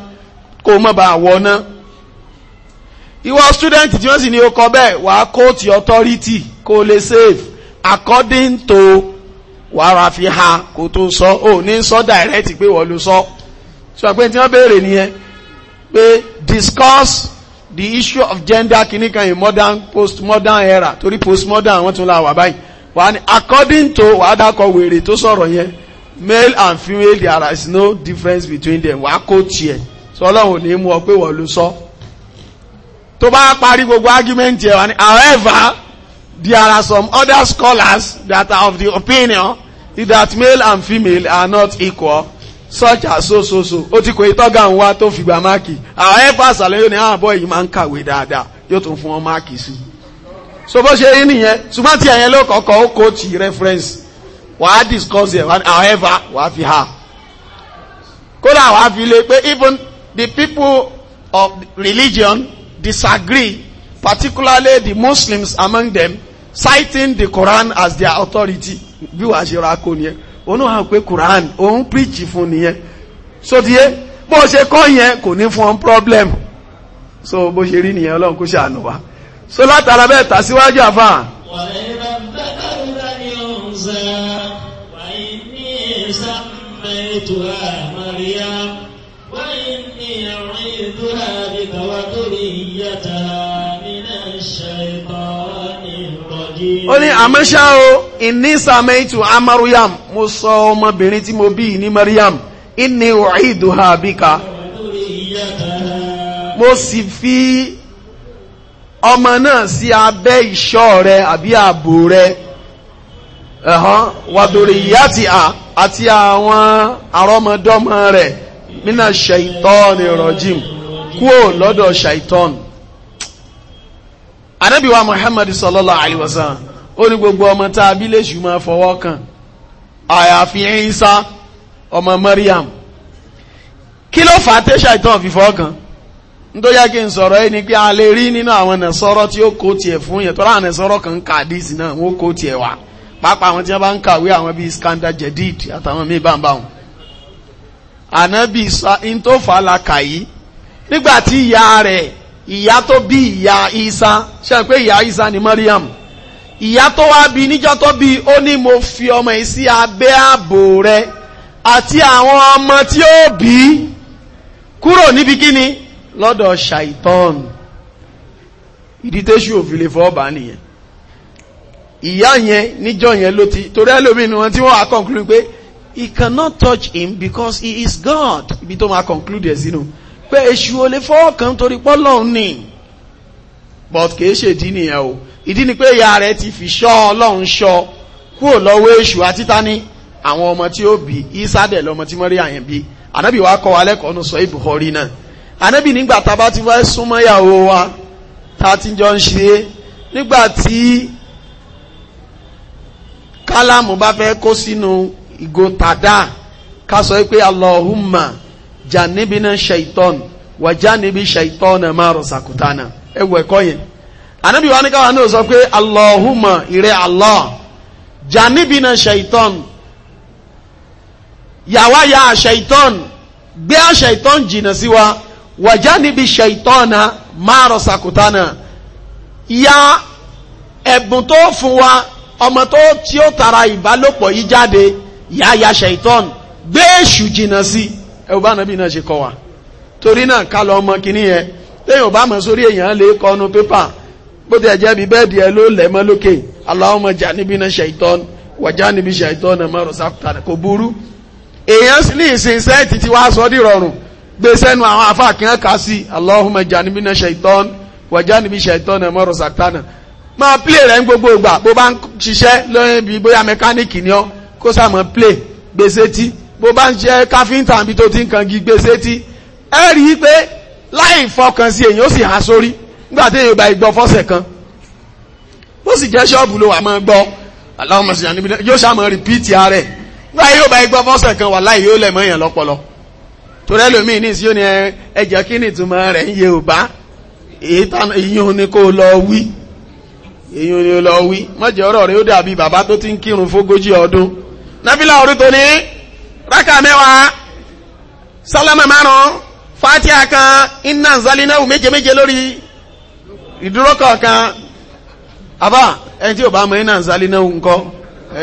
kó má bàa wọ náà ìwọ student tí wọ́n sì ní o kọ bẹ́ẹ̀ wàá kóòtù authority kó lè save according to wàrà fi ha kò tó sọ ò ní sọ direct pé wọ́n ló sọ sọ pé tí wọ́n béèrè nìyẹn pé discuss the issue of gender kìnnìkan in modern postmodern era torí postmodern wọ́n tún la wà báyìí wà ní according to wà á dákọ̀ wèrè tó sọ̀rọ̀ yẹn male and female there is no difference between them wà á kó tiẹ̀ sọ ọlọ́run ò ní mú ọ pé wọ́n ló sọ tó bá parí gbogbo argument yẹn wá however there are some other scholars that are of the opinion that male and female are not equal such as so so so ó ti kò ìtọ́gà ń wá tó fìgbà máàkì however sàlẹ̀ yóò ní àwọn ah, àbọ̀ yìí máa ń kàwé dáadáa yóò tún fún wọn máàkì sí so bó ṣe rí nìyẹn ṣùgbọ́n tí ẹ̀yẹn ló kọ́kọ́ ó kó ti reference wàá discuss ẹ̀ however wàá fi ha kódà wàá fi lé pé even the people of religion disagree, particularly the Muslims among them, citing the Quran as their authority. Bí wàá ṣe ra kó nìyẹn, òun náà hàn pé Quran òun preach fún nìyẹn. So díẹ̀ bó ṣe kọ́ yẹn kò ní fún ọ problem. So bó ṣe rí nìyẹn Ọlọ́run kó ṣàánú wa. So látara bẹ́ẹ̀ tàsíwájú àfáà. Wàlẹ́ bá bẹ́ẹ̀ bá yóò ń sẹ́, wàá ní sàmẹ́tò àmàlíyá, wàá ní àrùn ìdúrà. الكذب ó ní àmọ́ ṣá mo sọ ọmọbìnrin tí mo bí ní maryam mo sì fi ọmọ náà sí abẹ́ ìṣọ́ rẹ àbí ààbò rẹ ẹ̀hán ìyá ti awọn àti àwọn mina rẹ̀ nínà ṣe kúò lọ́dọ̀ shaitan anábíwá muhammad sallallahu alaihi wasallam ó ní gbogbo ọmọ tá a bí léṣù máa fọwọ́ àyàfi Isa ọmọ Maryam kí ló fà á tẹ́ shaitan fi fọwọ́ kàn nítorí yá kí n sọ̀rọ̀ ẹni pé a lè rí nínú àwọn nàṣọ́rọ́ tí ó kó tiẹ̀ fún yẹn tọ́lá nàṣọ́rọ́ kan kà díìsì náà wọ́n kó tiẹ̀ wá àwọn tí wọ́n bá ń kàwé àwọn bíi Iskandar Jedid àtàwọn míì ànábì sa tó fà á la kà yìí nígbà tí ìyá rẹ̀ ìyá tó bí ìyá Isa ṣe pé ìyá Isa ni Mariam ìyá tó wá bí níjọ́ tó bí ó ní mo fi ọmọ yìí sí abẹ́ ààbò rẹ àti àwọn ọmọ tí ó bí kúrò níbi kíni lọ́dọ̀ ṣàìtọ́n ìdí tẹ́ṣù òfin lè fọ́ nìyẹn ìyá yẹn níjọ́ yẹn ló ti torí ẹlòmíì ni tí wọ́n á conclude pé he cannot touch him because he is God ibi tó máa conclude ẹ̀ sínú. You pé èṣù ò lè fọwọ́ kàn torí pọ́lọ́hún ni but kìí ṣe ìdí nìyẹn o ìdí ni pé ìyá rẹ̀ ti fi ṣọ́ ọlọ́run ṣọ́ kúrò lọ́wọ́ èṣù àti tani àwọn ọmọ tí ó bí ìsádẹ̀ lọ́mọ tí mọ́rí àyàn bí ànábì wa kọ́ wa lẹ́kọ̀ọ́ nù sọ ìbùkọ́rí náà ànábì nígbà tá a bá ti fẹ́ súnmọ́ ìyàwó wa tá a ti jọ ń ṣe é nígbà tí kálámù bá fẹ́ kó sínú ìgò tàdá ká sọ pé Allahumma jànibínà ṣèitọ́n wà jànibí ṣèitọ́n máa rọ̀ sàkútánà ẹ wọ ẹ̀kọ́ yẹn ànábì wa ní káwa náà sọ pé allahumma ìrẹ́ allah jànibínà ṣèitọ́n yàwá ya ṣèitọ́n gbé ṣèitọ́n jìnnà sí wa wà jànibí ṣèitọ́n máa rọ̀ sàkútánà ya ẹ̀bùn tó fún wa ọmọ tó tí ó tara ìbálòpọ̀ yìí jáde yáyà ṣèitọ́n gbé èṣù jìnnà sí i ẹwù bá nàbí náà ṣe kọ wa torí náà ká lọ ọmọ kìíní yẹn téèyàn bá mọ̀ sórí èèyàn lè kọ ọnu pépà bó ti ẹ̀jẹ̀ bí bẹ́ẹ̀dì ẹ ló lẹ̀ mọ́ lókè Allahumma janibina shaitan wa janibi shaitana ma razaqtana kò burú èèyàn sì ní ìsìn sẹ́ẹ̀tì tí wàá sọ dìrọ̀rùn gbé sẹ́nu àwọn afáàkìyàn kà sí Allahumma janibina shaitan wa janibi shaitana ma razaqtana máa play rẹ̀ ń gbogbo ìgbà bó bá ń ṣiṣẹ́ lóyún ibi bóyá mẹkáníìkì ni bó bá ń ṣe káfíńtà bí tó ti ń kan gígbé sétí ẹ rí i pé láì fọkàn sí èyàn ó sì há sórí nígbà tí èyàn bá igbó fọ́sẹ̀ kan ó sì jẹ́ ṣọ́ọ̀bù ló wà máa gbọ́ aláwọ̀mọ̀ sí àníbi yóò ṣàmọ̀ rìpíìtì ara ẹ̀ nígbà yóò bá igbó fọ́sẹ̀ kan wà láì yóò lẹ̀ mọ́ èyàn lọ́pọlọ torí ẹlòmíì ní ìsí yóò ní kí ni ìtumọ̀ rẹ̀ ń yé òbá ìyún ni kó lọ ìyún ni ó lọ wí mọ́jọ́ ọ̀rọ̀ rẹ̀ orí tó ní rákà mẹ́wàá sálámà márùn fatiha kan iná zalinahu méje lórí ìdúró kọ̀ọ̀kan àbá ẹni tí ò bá mọ iná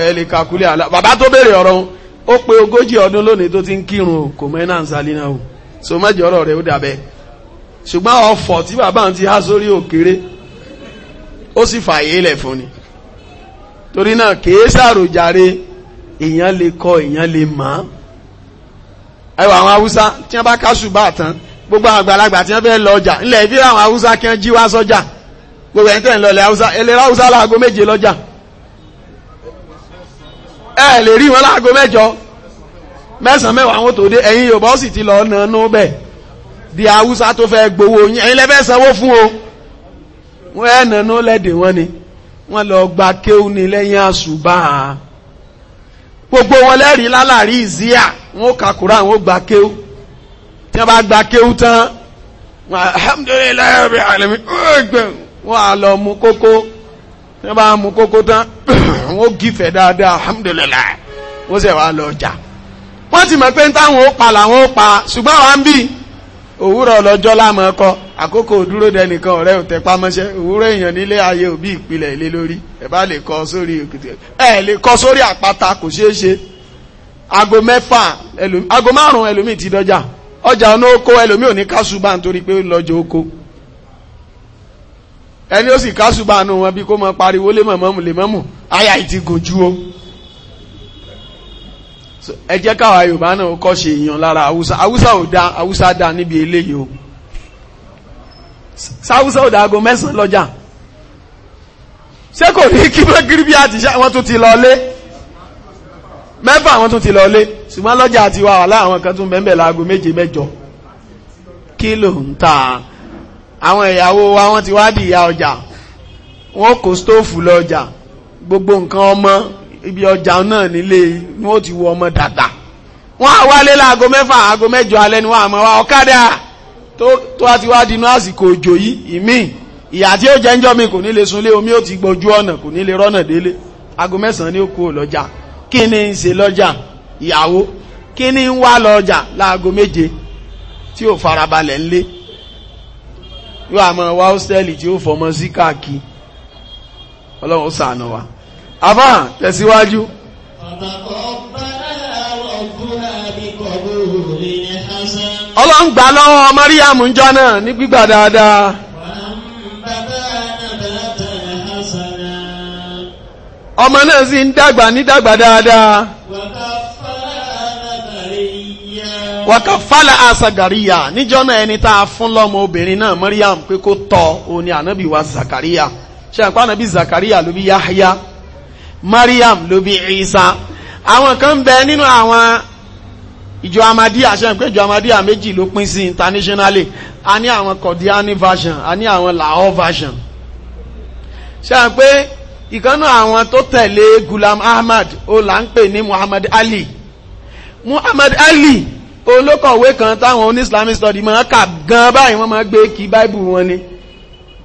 ẹ lè kàkúlẹ̀ bàbá tó béèrè ọ̀rọ̀ ó pé ogójì ọdún lónìí tó ti ń kírun kò mọ iná so mẹ́jọ ọ̀rọ̀ rẹ̀ ó dàbẹ́ ṣùgbọ́n ọ̀fọ̀ tí bàbá ti há sórí òkèrè ó sì fààyè ilẹ̀ fún ni torí náà kèé sàròjàre èèyàn kọ èèyàn lè ẹwà àwọn haúsá tí wọ́n bá káṣùbà tán gbogbo àwọn àgbàlagbà tí wọ́n fẹ́ lọ ọjà ńlẹ̀ ìfẹ́ àwọn haúsá kí wọ́n jí wá sọ́jà gbogbo ẹ̀ńtẹ̀ ńlọlẹ̀ haúsá eléré haúsá láago méje lọ́jà ẹ lè rí wọn láago mẹ́jọ mẹ́sàn-án mẹ́wàá àwọn tó dé ẹ̀yin Yorùbá ó sì ti lọ nànú bẹ́ẹ̀ di haúsá tó fẹ́ gbowó yín ẹ̀yin lẹ́fẹ́ sanwó fún o wọ́n ẹ̀ nànú lẹ́dẹ̀ wọn ni wọ́n lọ gba kéwù ní lẹ́yìn àṣùbà gbogbo wọn lẹ́rìí lálàrí ìzíà wọn ó ka Quran wọn ó gba kéwú tí wọn bá gba kéwú tán wọn alhamdulilayi rabi alami wọn á lọ mu kókó tí wọn bá mu kókó tán wọn ó gífẹ̀ dáadáa alhamdulilayi wọn sì wá lọ jà wọ́n ti mọ̀ pé ń táwọn ó pa làwọn ó pa ṣùgbọ́n àwọn ń bì òwúrọ̀ lọ́jọ́ lámọ̀ ọkọ àkókò dúró dẹnìkan ọ̀rẹ́ ò tẹpá mọ́ṣẹ́ òwúrọ̀ èèyàn nílé ayé òbí ìpìlẹ̀ ilé lórí ẹ̀ bá lè kọ sórí òkùtù ẹ̀ lè kọ sórí àpáta kò ṣeé ṣe aago mẹ́fà ẹlòmí aago márùn ẹlòmí ti dọjà ọjà ọ̀nà oko ẹlòmí ò ní kásùbà nítorí pé ó lọ́jọ́ oko ẹni ó sì kásùbà nù wọn bí kó mọ pariwo lé mọ̀mọ́mù lè mọ́mù aya ìti gòjú o ẹ jẹ́ káwa Yorùbá náà kọ́ ṣe èèyàn lára Haúsá Haúsá ò da Haúsá da níbi eléyìí o sáwúsá ò da aago mẹ́sàn-án lọ́jà ṣé kò ní kí wọ́n kiri bí àtìṣe wọ́n tún ti lọ lé mẹ́fà àwọn tún ti lọ lé ṣùgbọ́n lọ́jà ti wà wà láwọn kan tún bẹ́ẹ̀ láago méje mẹ́jọ kí ló ń ta àwọn ìyàwó wa wọ́n ti wá di ìyá ọjà wọ́n kó stóòfù lọ́jà gbogbo nǹkan ọmọ ibi ọjà náà nílé ni wọ́n ti wọ ọmọ dàda wọ́n á wálé láago mẹ́fà aago mẹ́jọ alẹ́ ni wọ́n á mọ̀ wá ọ̀kadà tó a ti wá dinú àsìkò òjò yìí ìmíì ìyà tí ó jẹ́ ń jọ́ mi kò ní lè sunlé omi ó ti gbọ́jú ọ̀nà kò ní lè rọ́nà délé aago mẹ́sàn-án ni ó kú lọ́jà kí ni ń ṣe lọ́jà ìyàwó kí ni ń wá lọ́jà láago méje tí ò farabalẹ̀ ńlé yóò àmọ́ wá hósẹ́ẹ̀lì tí ó fọmọ sí káàkiri ọlọ́run ó ṣàánú wa afá tẹ̀síwájú. ọlọ́run gbà lọ́wọ́ Mariam ń ní gbígbà dáadáa. ọmọ náà sì ń dàgbà ní dàgbà dáadáa wàkàfàlà àṣàgàríyà níjọ́ náà ẹni tá a fún lọ́mọ obìnrin náà Maryam pé kó tọ́ òun ànábì wa Zakaria ṣe àpá ànábì Zakaria ló bí Yahya Maryam ló bí Isa àwọn kan bẹ nínú àwọn ìjọ amadíà ṣe pé ìjọ amadíà méjì ló pín sí internationally a ní àwọn Kọ̀díání version a ní àwọn Lahore version ṣe pé ìkànnà àwọn tó tẹ̀lé Gulam Ahmad o là ń pè ní Muhammad Ali Muhammad Ali olókọ̀wé kan táwọn oní Islamic study máa kà gan báyìí wọ́n máa gbé kí Bible wọn ni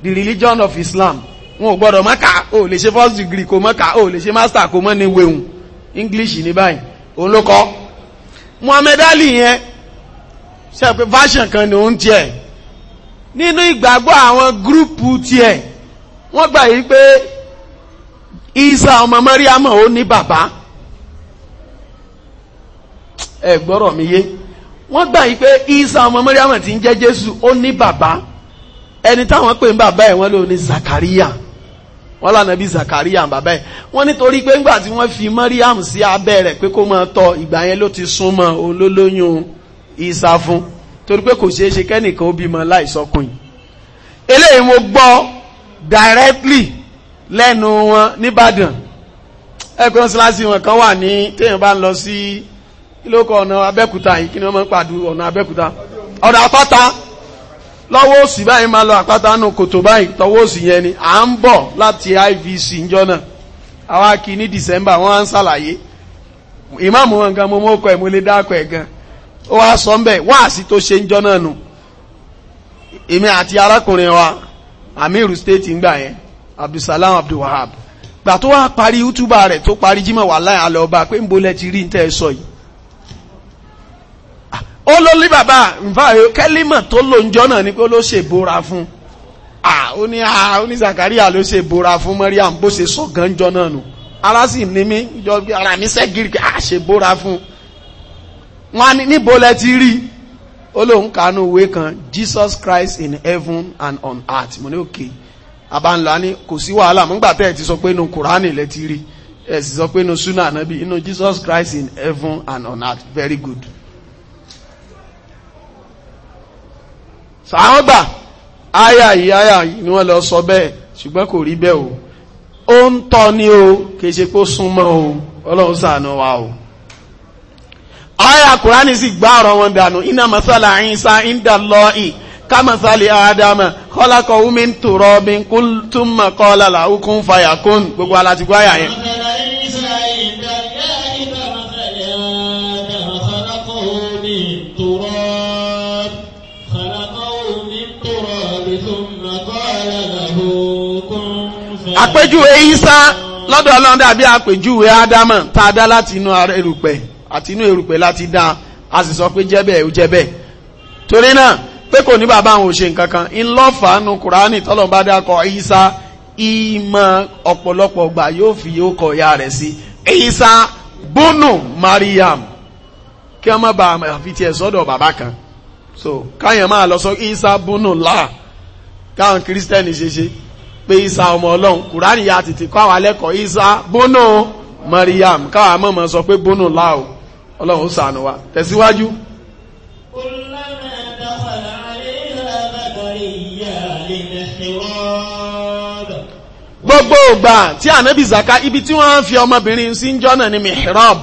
the religion of Islam wọn ò gbọ́dọ̀ mọ́ka ó lè ṣe first degree kò mọ́ka ó lè ṣe master kò mọ́ ní wéhùn English ni báyìí òun ló Muhammad Ali yẹn ṣe pé version kan ni òun tiẹ̀ nínú ìgbàgbọ́ àwọn gúrùpù tiẹ̀ wọ́n gbà yí pé isa ọmọ mariam ó ní bàbá ẹ gbọ́rọ̀ mi yé wọ́n gbà yí pé isa ọmọ mariam ti ń jẹ́ jésù ó ní bàbá ẹni táwọn pè ń bàbá ẹ̀ wọ́n ló ní zakaria wọ́n lànà bí zakaria bàbá ẹ̀ wọ́n nítorí pé ńgbà tí wọ́n fi mariam sí abẹ́ rẹ̀ pé kó máa tọ́ ìgbà yẹn ló ti súnmọ́ olólóyún isa fún torí pé kò ṣeé ṣe kẹ́nìkan ó bímọ láìsọkùn yìí eléyìí mo gbọ́ directly lẹ́nu wọn nìbàdàn ẹ̀kọ́ wọn kan wà ní téèyàn bá ń lọ sí ilókọ̀ ọ̀nà abẹ́kúta yìí kí ni wọ́n máa ń pàdú ọ̀nà abẹ́kúta àpáta lọ́wọ́ òsì báyìí máa lọ àpáta nù kòtò báyìí tọwọ́ òsì yẹn ni à ń bọ̀ láti IVC njọ́ náà àwa í ní December wọ́n á ń ṣàlàyé ìmáàmù wọn gan mo ẹ̀ gan ó wá mbẹ tó ṣe náà nù èmi àti arákùnrin abdulsalam abdulwahab gbà tó wá parí útúbà rẹ̀ tó parí jímọ̀ wà láì alọ́ọ̀bá pé ń bolẹ̀ ti rí tẹ́ ẹ sọ yìí ah, ó ló lé bàbá nfa kẹ́límọ̀ tó lò ń jọ́nà ni pé ó ló ṣe bóra fún ah, ó ní ah, ó ní Zakaria ló ṣe bóra fún Mariam bó ṣe sọ gan jọ́nà nù ara sì ní mí ara mi sẹ́gìrì kí a ṣe bóra fún wọn ní níbo lẹ ti rí ó lóun kànú ìwé kan Jesus Christ in heaven and on earth mo ní òkè. Okay àbáńlá ní kò sí wàhálà mọ́gbà tẹ́ ti sọ pé inú kùránì lẹ ti rí ẹ sì sọ pé inú súnà nábì inú Jesus Christ in heaven and on earth very good sàwọn gbà áyà yìí áyà yìí ni wọ́n lọ sọ bẹ́ẹ̀ ṣùgbọ́n kò rí bẹ́ẹ̀ o ó ń tọ́ ní o kìí ṣe pé ó súnmọ́ o ọlọ́run ṣàánú wa o áyà kùránì sì gbá ọ̀rọ̀ wọn dànù iná masala Isa inda Allahi kámasálì àádámà kọ́lákọ̀ omi ń tòrọ bí kó túnmọ̀ kọ́lá làúkún fàyà kún gbogbo alátìgbọ́ àyà yẹn àpèjúwe Ìsá lọ́dọ̀ Ọlọ́run dàbí àpèjúwe ádámà tá dá láti inú erùpẹ̀ àti inú erùpẹ̀ láti dá a sì sọ pé jẹ́ bẹ́ẹ̀ ó torí náà pé kò ní bàbá àwọn òṣè nkankan ńlọ́fàánú kùránì tọ́lọ̀ bá dákọ̀ ìsá ìmọ̀ ọ̀pọ̀lọpọ̀ gbà yóò fi yóò kọ̀ ya rẹ̀ sí ìsá bónú Mariam kí wọ́n má ba àfi tiẹ̀ sọ́dọ̀ bàbá kan so káyàn máa lọ sọ ìsá bónú là káwọn kírísítẹ́nì ṣe ṣe pé ìsá ọmọ ọlọ́run kùránì ya tètè kọ́ àwọn alẹ́kọ̀ọ́ ìsá bónú Mariam káwọn amọ̀mọ̀ sọ pé bónú là ọlọ́run ó ṣàánú wa tẹ̀síwájú. gbogbo ìgbà tí ànábì zaka ibi tí wọ́n fi ọmọbìnrin sí ń jọ́nà ní mihrab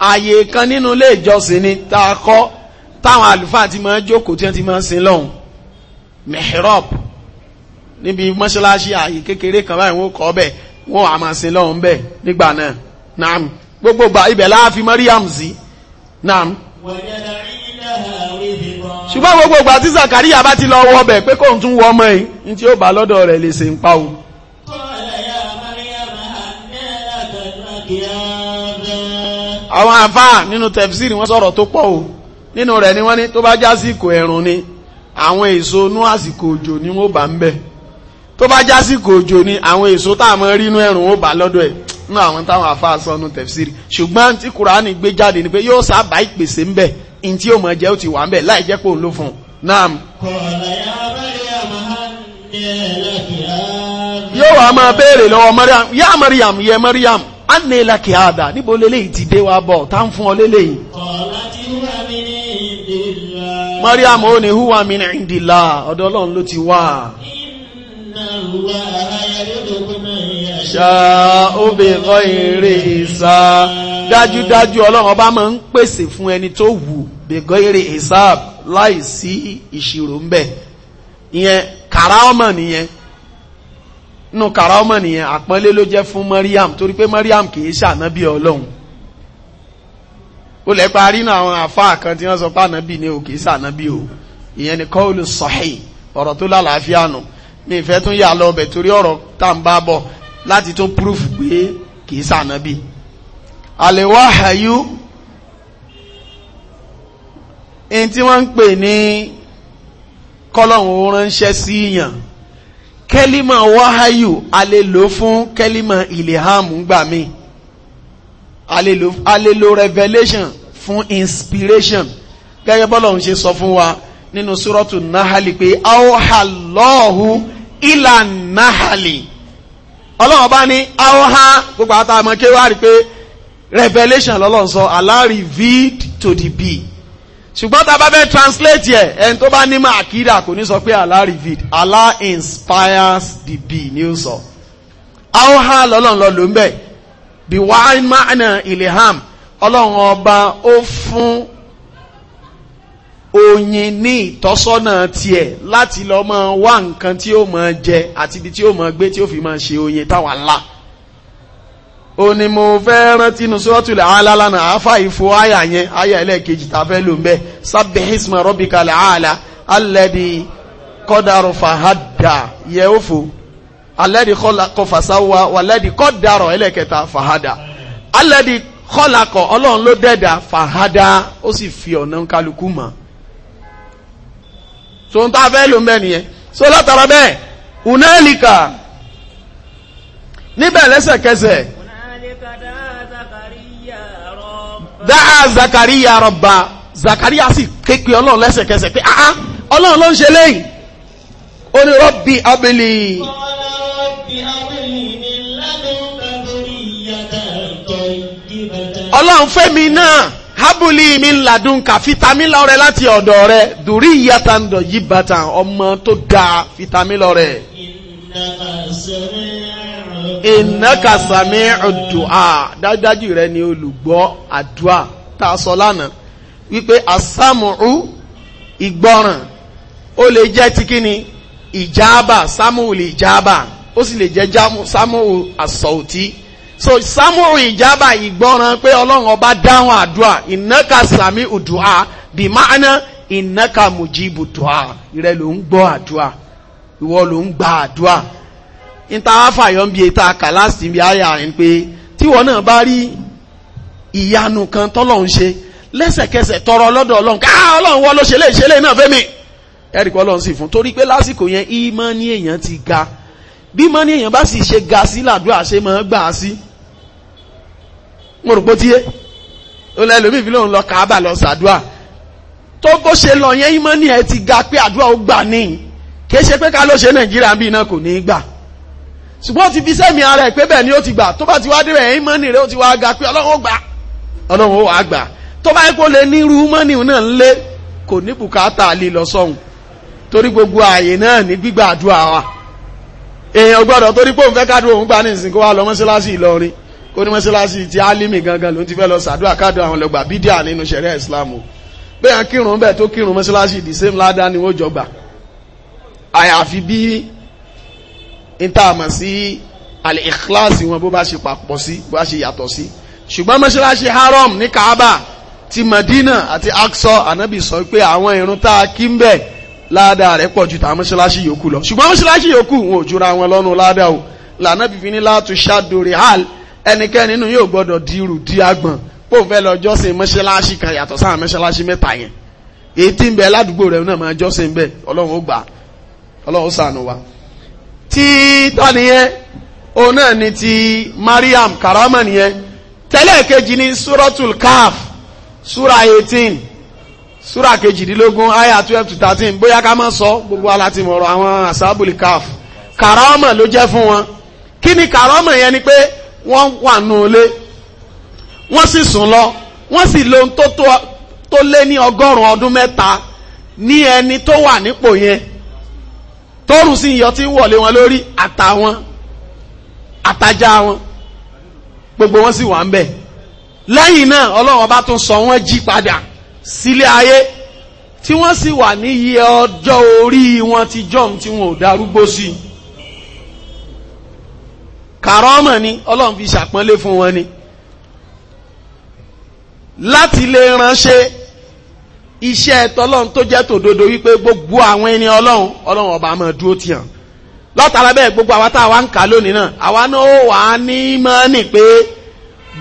ààyè kan nínú ilé ìjọsìn ni tá a kọ́ táwọn àlùfáà ti máa jókòó tí wọ́n ti máa sin lọ́hùn mihrab níbi mọ́ṣáláṣí ààyè kékeré kan báyìí wọ́n kọ́ bẹ̀ wọ́n á máa sin lọ́hùn bẹ̀ nígbà náà naam gbogbo ìgbà ibẹ̀ láàfin Mariam sí naam. ṣùgbọ́n gbogbo ìgbà tí Zakaria bá ti lọ wọ ọbẹ̀ pé kóun tún wọ ọmọ yìí ní tí ó bá lọ́dọ̀ rẹ̀ lè ṣe ń pa òun. àwọn àfáà nínú tẹ̀fsìrì wọ́n sọ̀rọ̀ tó pọ̀ o nínú rẹ̀ ni wọ́n ní tó bá jásìkò ẹ̀rùn ni àwọn èso inú àsìkò òjò ni wọ́n bá ń bẹ̀ tó bá jásìkò òjò ni àwọn èso táàmọ́ rí inú ẹ̀rùn ó bá lọ́dọ̀ ẹ̀ nínú àwọn táwọn àfáà sọnù tẹ̀fsìrì ṣùgbọ́n tí kùránì gbé jáde ni pé yóò sábà ìpèsè ń bẹ̀ in tí ó mọ̀ jẹ́ ó ti wà ń bẹ̀ láì jẹ́ pé òun ló fún un yóò wá máa béèrè lọ́wọ́ Mariam yá Mariam yẹ Mariam anela kìáda níbo lélẹ́yìí ti dé wa bọ̀ tá ń fún ọ lélẹ́yìí. mariam ó ní huwa min indila ọ̀dọ̀ ọlọ́run ló ti wá. ṣá obìnrin èrè ìsá dájúdájú ọlọ́run ọba máa ń pèsè fún ẹni tó wù bẹ̀gọ́ èrè ìsá láì sí ìṣirò ń bẹ̀ ìyẹn kàrá ọmọ nìyẹn nù kàrámọ̀ nìyẹn àpọ́nlé ló jẹ́ fún Mariam torí pé Mariam kì í ṣànábì Ọlọ́run ó lẹ́ parí náà àwọn àfáà kan tí wọ́n sọ pé ànábì ni ò ṣànábì o ìyẹn ni kọ́ọ̀lù sahih ọ̀rọ̀ tó lálàáfíà nù mi ìfẹ́ tún yà lọ ọbẹ̀ torí ọ̀rọ̀ tá n bá bọ̀ láti tún proof pé kì í ṣànábì àlèwáhàyú ẹni tí wọ́n ń pè ní kọ́lọ́hún ránṣẹ́ sí yàn kẹ́límà wáháyù a lè lò fún kẹ́límà ìlèhàmù gbà mí a lè lò revelation fún inspiration gẹ́gẹ́ bọ́lọ̀ ń ṣe sọ fún wa nínú súrọ́tù náhálì pé aohalọ́ọ̀hù ìlà náhálì ọlọ́run bá ní aoha gbogbo àtàmọ́ kéwàá rí pé revelation lọ́lọ́run sọ Allah revealed to the bee ṣùgbọ́n tá a bá fẹ́ translate ẹ̀ ẹni tó bá nímọ̀ àkídà kò ní sọ pé Allah revealed Allah inspires the bee ní ó sọ aoha lọ́lọ́n lọ ló ń bẹ̀ the wine mana ilham ọlọ́run ọba ó fún oyin ní ìtọ́sọ́nà tiẹ̀ láti lọ́ọ́ máa wá nǹkan tí ó máa jẹ àti ibi tí ó máa gbé tí ó fi máa ṣe oyin táwa lá ó ní mo fẹ́ rántí nu suratul àálá lánàá àáfà ìfò àyà yẹn àyà ẹlẹ́ẹ̀kejì tá a fẹ́ lò ń bẹ́ sabbih isma rabbikal àálá alladhi qadara fahadda yẹ ó fò alladhi khalaqa fasawwa walladhi qadara ẹlẹ́ẹ̀kẹta fahadà alladhi ọlọ́run ló dẹ̀dà fahadà ó sì fi ọ̀nà kálukú mọ́ so n ta fẹ́ lò ń bẹ́ nìyẹn so látara bẹ́ẹ̀ unálìkà níbẹ̀ lẹ́sẹ̀kẹsẹ̀ dáa Zakariya rọ̀bà Zakariya sì képe ọlọ́run lẹ́sẹ̀kẹsẹ̀ pé ah, ah ọlọ́run ló ń ṣe léyìn ó ní rọ́bì abẹ́lẹ̀. ọlọ́run fẹ́mi náà habuli mi ladun ka fitamila rẹ láti ọ̀dọ̀ rẹ dùrí ìyàtà ń dọ̀ yí bàtà ọmọ tó dáa fitamila rẹ ìnáka sàmì ọ̀dùà dájúdájú rẹ ni olùgbọ́ àdúà tá a sọ lánàá wípé àsámùú ìgbọ́ràn ó lè jẹ́ ti ni ìjábà sámùú lè jábà ó sì lè jẹ́ sámùú àsọ̀ọ̀tì so sámùú ìjábà ìgbọ́ràn pé ọlọ́run ọba dáhùn àdúà ìnáka sàmì ọ̀dùà bí máàná ìnáka mùjìbù dùà ìrẹ ló ń gbọ́ àdúà ìwọ ló ń gba àdúà níta fàyọ̀ ń bi ètà kàláàsì bí àyà rẹ̀ ń náà bá rí ìyanu kan tọ́lọ́run ṣe lẹ́sẹ̀kẹsẹ̀ tọrọ lọ́dọ̀ ọlọ́run ká ah, ọlọ́run wọ́n ló ṣe léṣe lé náà fẹ́mi ẹ̀rí kọ́ ọlọ́run sì fún torí pé lásìkò yẹn ìmọ̀ ní èèyàn ti ga bí ìmọ̀ ní èèyàn bá sì ṣe ga sí làdúrà ṣe máa gbà á sí mo rò pé tíye ó lẹ́ lómi ìfilẹ̀ òun lọ kàábà lọ sàdúà tó bó ṣe lọ yẹn ìmọ̀ ní ẹ ti ga pé àdúrà ó gbà níyìn kì í ṣe pé ká ló ṣe Nàìjíríà bí iná kò ní í gbà ṣùgbọ́n ti fi sẹ́mi ara ẹ̀ pé bẹ́ẹ̀ ni ó ti gbà tó bá ti wá débẹ̀ ẹ̀yìn mọ́nì rẹ̀ ó ti wá ga pé ọlọ́run ó gbà ọlọ́run ó wà gbà tó bá yẹ kó lè nírú mọ́nì náà lé kò ní bùkátà lè lọ sọ́hun torí gbogbo ààyè náà ní gbígbà àdúrà wa èèyàn gbọ́dọ̀ torí pé òun fẹ́ kádùn òun gbà ní ìsìn kó wá lọ mọ́ṣáláṣí Ìlọrin kó ní mọ́ṣáláṣí ti Álímì gangan ló ti fẹ́ lọ sàdúrà kádùn àwọn lọ́gbà bídíà nínú ṣẹ̀rẹ́ Ìsìlámù bẹ́ẹ̀ kírun bẹ́ẹ̀ tó kírun mọ́ṣáláṣí the same ládàá ni wọ́n jọ gbà àyàfi bí ìtààmà sí al-ikhlasi wọn bó bá ṣe papọ̀ sí bó bá ṣe yàtọ̀ sí ṣùgbọ́n mọ́ṣáláṣí haram ní kaaba ti madina àti aksọ anabi sọ pé àwọn irun tá a kí ń bẹ̀ ládàá rẹ̀ pọ̀ ju tàà mọ́ṣáláṣí yòókù lọ ṣùgbọ́n mọ́ṣáláṣí yòókù wọn ò jura wọn lọ́nu ládàá o lànàbí fi ní látú ṣàdórí hàl ẹnikẹ́ni nínú yóò gbọ́dọ̀ dirù di agbọ̀n pò fẹ́ lọ jọ́sìn mọ́ṣáláṣí kan yàtọ̀ sáà mọ́ṣáláṣí mẹ́ta yẹn èyí tí ń bẹ ládùúgbò rẹ̀ náà máa jọ́sìn bẹ́ẹ̀ ọlọ́run ó gbà ọlọ́run ó ṣàánú wa tí tániyẹn òun ni ti Mariam karama nìyẹn tẹ́lẹ̀ kejì ní suratul Kaf sura eighteen sura kejìdínlógún aya twelve to thirteen bóyá ká má sọ gbogbo alátimọ̀rọ̀ àwọn asabul Kaf karama ló jẹ́ fún wọn kí ni karama yẹn ni pé wọ́n wà nù lé wọ́n sì sùn lọ wọ́n sì lo ohun tó lé ní ọgọ́rùn-ún ọdún mẹ́ta ní ẹni tó wà nípò yẹn tóòrù sí iyọ̀ tí ń wọ̀lé wọn lórí àtàwọn àtajá wọn gbogbo wọn sì wà ń bẹ̀ lẹ́yìn náà ọlọ́run ọba tún sọ wọ́n jí padà sílé ayé tí wọ́n sì wà ní iye ọjọ́ orí wọn ti jọ́m tí wọn ò darúgbó sí i kàrọ́mọ̀ ni ọlọ́run fi ṣàpọ́nlé fún wọn ni láti lè ránṣẹ́ iṣẹ́ tọlọ́run tó jẹ́ tòdodo wípé gbogbo àwọn ẹni ọlọ́run ọlọ́run ọba máa dúró tì hàn lọ́tara bẹ́ẹ̀ gbogbo àwa tá a wá ń kà lónìí náà àwa náà ó wà á ní mọ́nì pé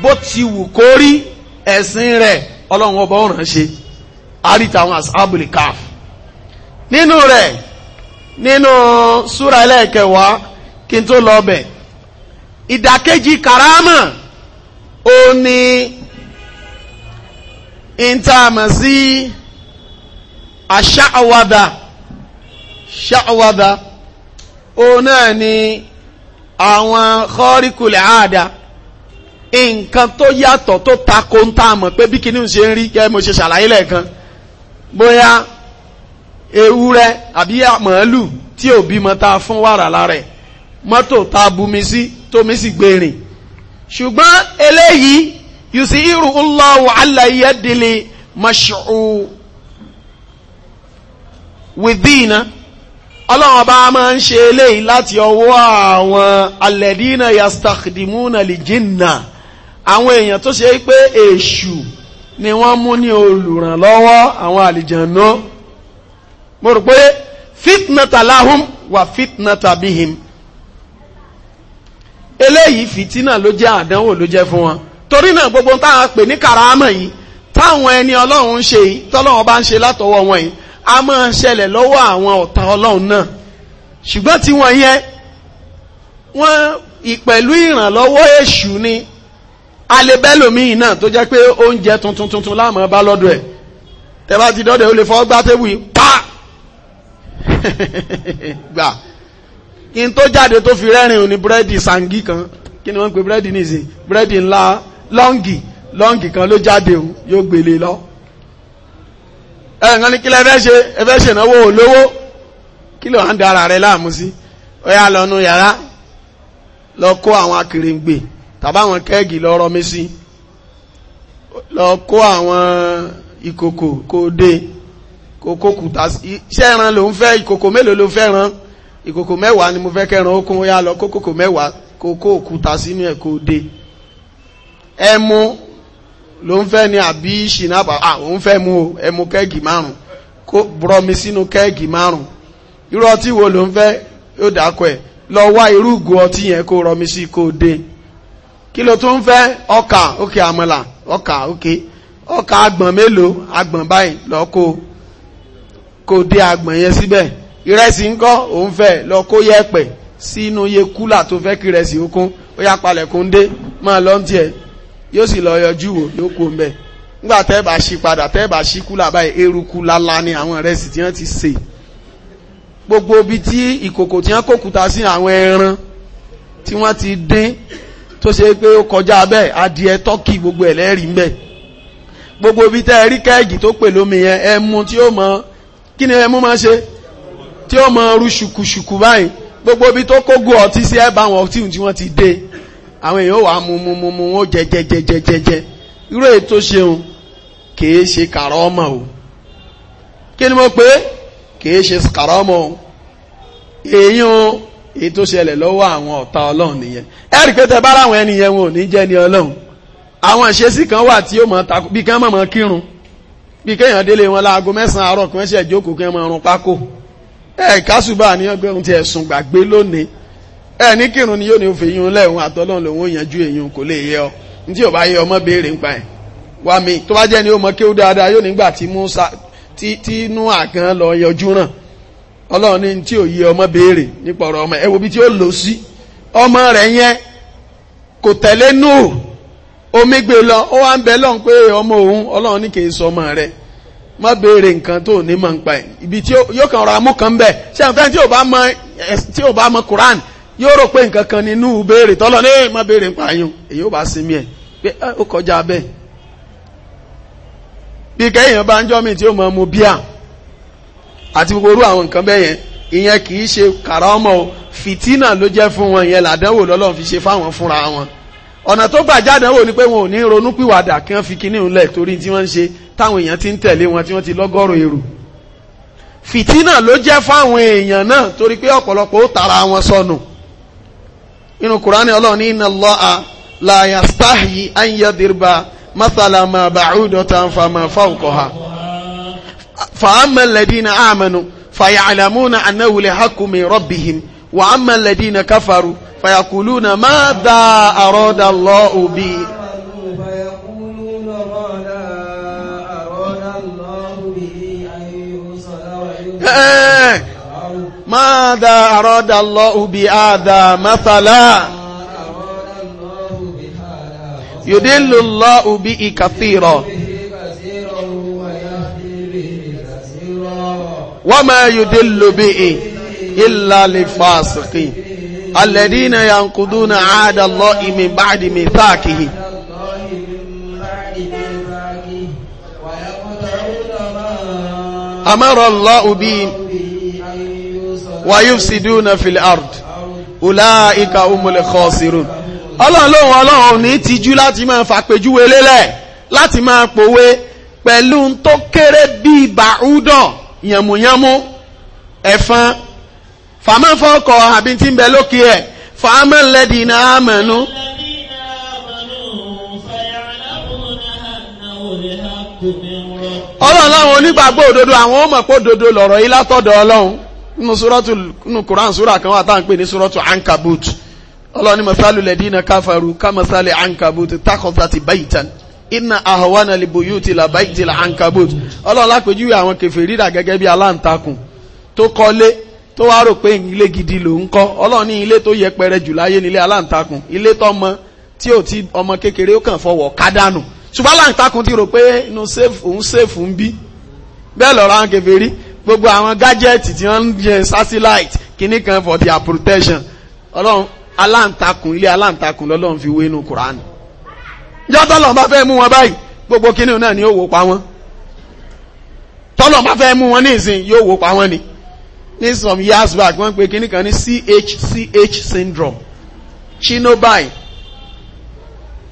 bó ti wù kó rí ẹ̀sìn rẹ̀ ọlọ́run ọba ọ̀ràn ṣe àríta àwọn asábùlì káf nínú rẹ̀ nínú súra ẹlẹ́ẹ̀kẹwàá kí n tó lọ bẹ̀ ìdàkejì karama ó ní ìntàmọ̀ sí aṣáwádà ṣáwádà òun náà ni àwọn kọ́ríkulẹ̀ àádá nǹkan tó yàtọ̀ tó tako ń tààmọ̀ pé bí kìíní ṣe ń rí kẹ́ mo ṣe ṣàlàyé lẹ́ẹ̀kan bóyá ewúrẹ́ àbí màálù tí ò bímọ ta fún wàrà lára ẹ̀ mọ́tò ta bumi sí tómi sì gbé ṣùgbọ́n eléyìí yusi iru ńlọ wàhálà yẹ́dìlì mọ̀ṣùrù wìdíìnà ọlọ́run ọba máa ń ṣe eléyìí láti ọwọ́ àwọn alẹ́dínà yastakdimuna lìjìnnà àwọn èèyàn tó ṣe pé èṣù ni wọ́n mú ní olùrànlọ́wọ́ àwọn àlìjànú mo rò pé fitnata lahum wa fitnata bihim eléyìí fìtínà ló jẹ́ àdánwò ló jẹ́ fún wọn torí náà gbogbo táwọn pè ní kàrámà yìí táwọn ẹni ọlọ́run ṣe yìí tọ́lọ́run bá ń ṣe látọwọ́ wọn yìí a máa ṣẹlẹ̀ lọ́wọ́ àwọn ọ̀tá ọlọ́run náà ṣùgbọ́n tí wọ́n yẹ wọ́n pẹ̀lú ìrànlọ́wọ́ èṣù ni a lè bẹ́lòmíì náà tó jẹ́ pé oúnjẹ tuntun tuntun láàmú bá lọ́dọ̀ ẹ̀ tẹ́ ti dọ́dọ̀ ó lè fọ́ gbá tébù pa gbà kí n tó jáde tó fi rẹ́rìn òní búrẹ́dì sangi kan kí ni wọ́n ń pe búrẹ́dì nìyí búrẹ́dì ńlá lọ́ngì lọ́ngì kan ló jáde o yóò gbélé lọ́ọ́ ẹ̀ǹkan ní kílẹ̀ ẹ̀fẹ́ ṣe ẹ̀fẹ́ ṣènáwó olówó kí ló ń da ara rẹ láàmú sí ó yá lọ nu yàrá lọ kó àwọn akèrèǹgbè tàbáwọn kẹ́ẹ̀gì lọ rọmi sí lọ kó àwọn ìkòkò kó dé kókó kùtà iṣẹ́ ẹran ló ń fẹ́ ìkòkò mélòó ló fẹ́ ran ìkòkò mẹ́wàá ni mo fẹ́ kẹ́ran ó kún ó yá lọ kókòkò mẹ́wàá kókó òkúta sínú ẹ̀ kó dé ẹ ló ń fẹ́ ni àbí ṣìnàbà àwọn fẹ́ mú ẹmu kẹ́ẹ̀gì márùn kó brọmi sínú kẹ́ẹ̀gì márùn irú ọtí wo ló ń fẹ́ yóò dákọ̀ ẹ̀ lọ wá irú ìgò ọtí yẹn kó rọmi sí kó dé kí ló tún fẹ́ ọkà òkè àmàlà ọkà òkè ọkà àgbọ̀n mélòó àgbọ̀n báyìí lọ kó kó dé àgbọ̀n yẹn síbẹ̀ ìrẹsì ńkọ́ òun fẹ́ lọ kó yẹ̀pẹ̀ sínú iye kúlà tó fẹ́ kí ìrẹsì ó kún ó yá palẹ̀ dé máa lọ́ntì ẹ̀ yóò sì lọ yọjú wò yóò kó mbẹ nígbà tẹ́ bá ṣí padà tẹ́ bá ṣí kúlà báyìí eruku lálá ni àwọn ìrẹsì tí wọ́n ti sè gbogbo ibi tí ìkòkò tí wọ́n kòkúta sí àwọn ẹran tí wọ́n ti dín tó ṣe pé ó kọjá bẹ́ẹ̀ adìẹ tọ́kì gbogbo ẹlẹ́rìí ń bẹ̀ gbogbo ibi tẹ́ ẹ rí kẹ́ẹ̀gì tó pè lómi yẹn ẹmu tí ó mọ kí ni ẹmu máa ṣe tí ó mọ ru ṣùkùṣùkù báyìí gbogbo ibi tó kógo ọtí sí ẹ bá wọn tí wọ́n ti dé àwọn èèyàn wà mú mú mú mú wọn jẹ jẹ jẹ jẹ jẹ jẹ irú ètò ṣeun kìí ṣe kàrọ́mọ̀ o kí ni mo pé kìí ṣe kàrọ́mọ̀ o èèyàn ètò ṣẹlẹ̀ lọ́wọ́ àwọn ọ̀tá ọlọ́run nìyẹn ẹ̀rì pé tẹ bá ráwọn ẹni yẹn wọn ò ní jẹ́ ni ọlọ́run àwọn ìṣesí kan wà tí ó mọ̀ takò bí kán mọ̀ mọ̀ kírun bí kéèyàn délé wọn láago mẹ́sàn-án àárọ̀ kí wọ́n ṣe ìjókòó kí wọ́n mọ̀ rún pákó ẹ̀ka ti ẹ̀sùn gbàgbé lónìí ẹni kírun ni yóò ní òfin yín lẹ́hùn àtọ́lọ́run lòun ó yanjú èyàn kò lè yẹ ọ tí ò bá yẹ ọmọ béèrè nípa ẹ̀ wà tó bá jẹ́ ni ó mọ kéwú dáadáa yóò nígbà tí tí tí inú àgán lọ ọmọ béèrè nípa ọmọ ẹ wo bí tí ó ọmọ rẹ̀ yẹn kò tẹ̀lé nù lọ ó wá ń ọmọ òun ọlọ́run ní kì ọmọ má béèrè nǹkan tó ní mọ̀ ibi tí yóò kàn mú kan bẹ́ẹ̀ ṣé àwọn tí ò bá mọ yóò rò pé nǹkan kan nínú béèrè tọ́lọ ní má béèrè ń pààyàn èyí ò bá sinmi ẹ̀ pé ó kọjá bẹ́ẹ̀ bí kẹ́yìn bá ń jọ́ mi tí ó mọ̀ mu bíà àti gbogbo orú àwọn nǹkan bẹ́ẹ̀ yẹn ìyẹn kì í ṣe kàrámọ̀ o fìtínà ló jẹ́ fún wọn ìyẹn làdánwò lọ́lọ́run fi ṣe fáwọn fúnra wọn ọ̀nà tó gbà jádánwò ni pé wọn ò ní ronú pìwàdà kí wọ́n fi kíní ńlẹ̀ torí tí wọ́n ń ṣe táwọn èèyàn ti ń tẹ̀lé wọn tí wọ́n ti lọ́gọ́rùn èrò fìtínà ló jẹ́ fáwọn èèyàn náà torí pé ọ̀pọ̀lọpọ̀ ó tara wọn sọnù inú kùránì ọlọ́run ní inna Allaha la yastahyi an yadriba mathala ma ba'udatan fama fawqaha fa'amma alladhina amanu fayalamuna annahu lhaqqu min rabbihim wa amma alladhina kafaru fayakuluna madha arada ماذا أراد الله بهذا مثلا يدل الله به كثيرا وما يدل به إلا للفاسقين الذين ينقضون عاد الله من بعد ميثاقه أمر الله به wàyúfsìdúnà filard ulaika umul khasirun ọlọ́run lóhun ọlọ́run ní tijú láti máa fàpèjúwe lélẹ̀ láti máa pòwe pẹ̀lú tó kéré bíi bàúdàn yànmùyánmú ẹ̀fọn fàmọ́fọ́kọ̀ àbí tí ń bẹ lókè ẹ̀ fàmọ́lẹ́dìnà àmọ̀nú ọlọ́run onígbàgbọ́ òdodo àwọn ó pé òdodo lọ̀rọ̀ yìí látọ̀dọ̀ ọlọ́run nínú súrọ́tù nínú Koran súrà kan wà táà ní súrọ́tù ankabut ọlọ́ni masalu lẹ́dínà káfàrú kámasálẹ̀ ankabut takọ̀tàtì baitan inna ahwana la baiti la ankabut ọlọ́run lápèjúwe àwọn kèfèrí dà gẹ́gẹ́ bí aláǹtakùn tó kọ́lé tó wá rò pé ilé gidi ló ń kọ́ ilé tó jù ọmọ kékeré ó kàn fọwọ́ kádànù ṣùgbọ́n aláǹtakùn ti rò pé gbogbo àwọn gájẹ́ẹ̀tì tí wọ́n ń jẹ satellite kìíní kan for their protection ọlọ́run aláǹtakùn ilé aláǹtakùn lọ́lọ́run fi wé inú kùránì jọ́tọ́lọ̀ bá fẹ́ mú wọn báyìí gbogbo kìíní náà ni yóò wò pa wọ́n tọ́lọ̀ bá fẹ́ mú wọn ní ìsìn yóò wò pa wọ́n ni ní some years back wọ́n pe kìíní kan ní CHCH syndrome chinobi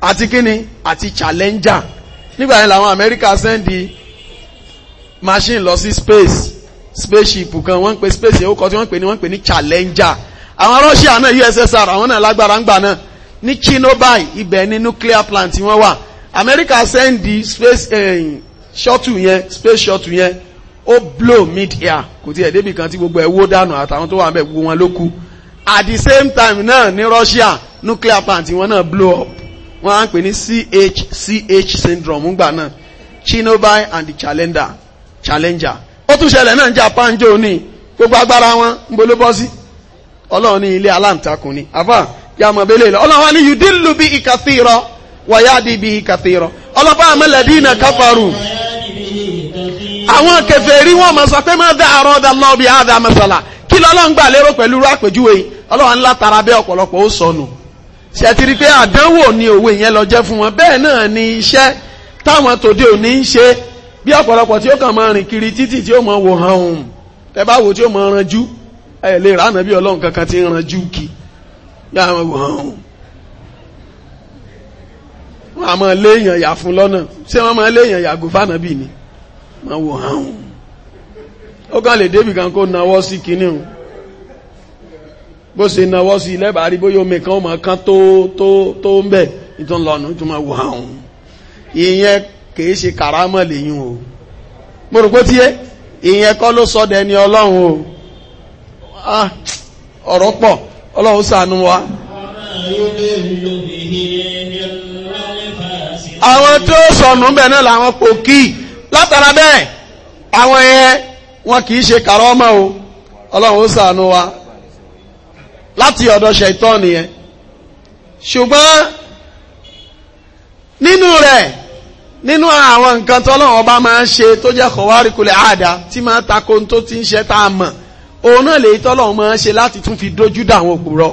àti kìíní àti challenger nígbà yẹn làwọn Amẹ́ríkà sẹ́ndì machine lọ sí space spaceship kan wọ́n ń pè space yẹn ó kọ́ tí wọ́n ń pè ní wọ́n ń pè ní challenger àwọn Russia náà USSR àwọn náà lágbára ń gbà náà ní Chernobyl ibẹ̀ ní nuclear plant wọ́n wà America send the space eh, shuttle yẹn space shuttle yẹn ó blow mid air kò tiẹ̀ débi kan tí gbogbo ẹ̀ wó dànù àtàwọn tó wà bẹ́ẹ̀ gbogbo ló kú at the same time náà ní Russia nuclear plant wọn náà blow up wọ́n á ń pè ní CHCH syndrome ńgbà náà Chernobyl and the challenger challenger otu tún ṣẹlẹ̀ náà Japan jò ní gbogbo agbára wọn ń bolo bọ́ ọlọ́run ní ilé aláǹtakùn ni àfà yàmọ̀ bẹ́lẹ̀ lọ ọlọ́run ní yudillu bí ìkàfí rọ wàyáàdì bí ìkàfí rọ ọlọ́pàá àmọ́lẹ̀dí ìnà káfàrù àwọn kèfèrí wọn mọ̀ sọ pé má dá àrọ́ dá lọ́ bí àdá mọ́sálà kí lọ́lọ́run gbà lérò pẹ̀lú àpèjúwe ọlọ́run ńlá tara bẹ́ ọ̀pọ̀lọpọ̀ ó ni òwe yẹn lọ jẹ́ fún wọn ni iṣẹ́ bí ọ̀pọ̀lọpọ̀ tí ó kàn máa rìn kiri títì tí ó mọ̀ wò ha ohun tẹ bá ma tí ó mọ̀ ranjú ẹ lè rà nàbí ọlọ́run kankan tí ń ranjú kí yá mọ̀ ohun wọ́n a máa léèyàn yà fún lọ́nà ṣé wọ́n máa léèyàn yàgò ni ma wò hàn ohun ó kàn lè débì kan kó nawọ́ sí kinní ohun bó ṣe nawọ́ sí lẹ́bàá rí bóyá omi kan ó kán tó tó tó ń bẹ̀ ìtàn lọ́nà tó kìí ṣe kàrámọ̀ lèyìn o mo rò pé ìyẹn kọ́ ló sọ dẹni ọlọ́run o ah, ọ̀rọ̀ pọ̀ ọlọ́run ṣàánú wa. àwọn tó sọnù bẹ̀ náà làwọn kò kí látara bẹ́ẹ̀ àwọn yẹn wọn kìí ṣe kàrámọ̀ o ọlọ́run ṣàánú wa láti ọ̀dọ̀ ṣẹ̀tọ́ nìyẹn ṣùgbọ́n nínú rẹ̀ nínú àwọn nǹkan tọ́lọ́wọ́n bá máa ń ṣe tó jẹ́ kọ̀wárìkulẹ̀ àdá tí máa tako tó ti ń ṣe tá a mọ̀ òun náà lèyí tọ́lọ́wọ́n máa ń ṣe láti tún fi dójú dà àwọn òpùrọ̀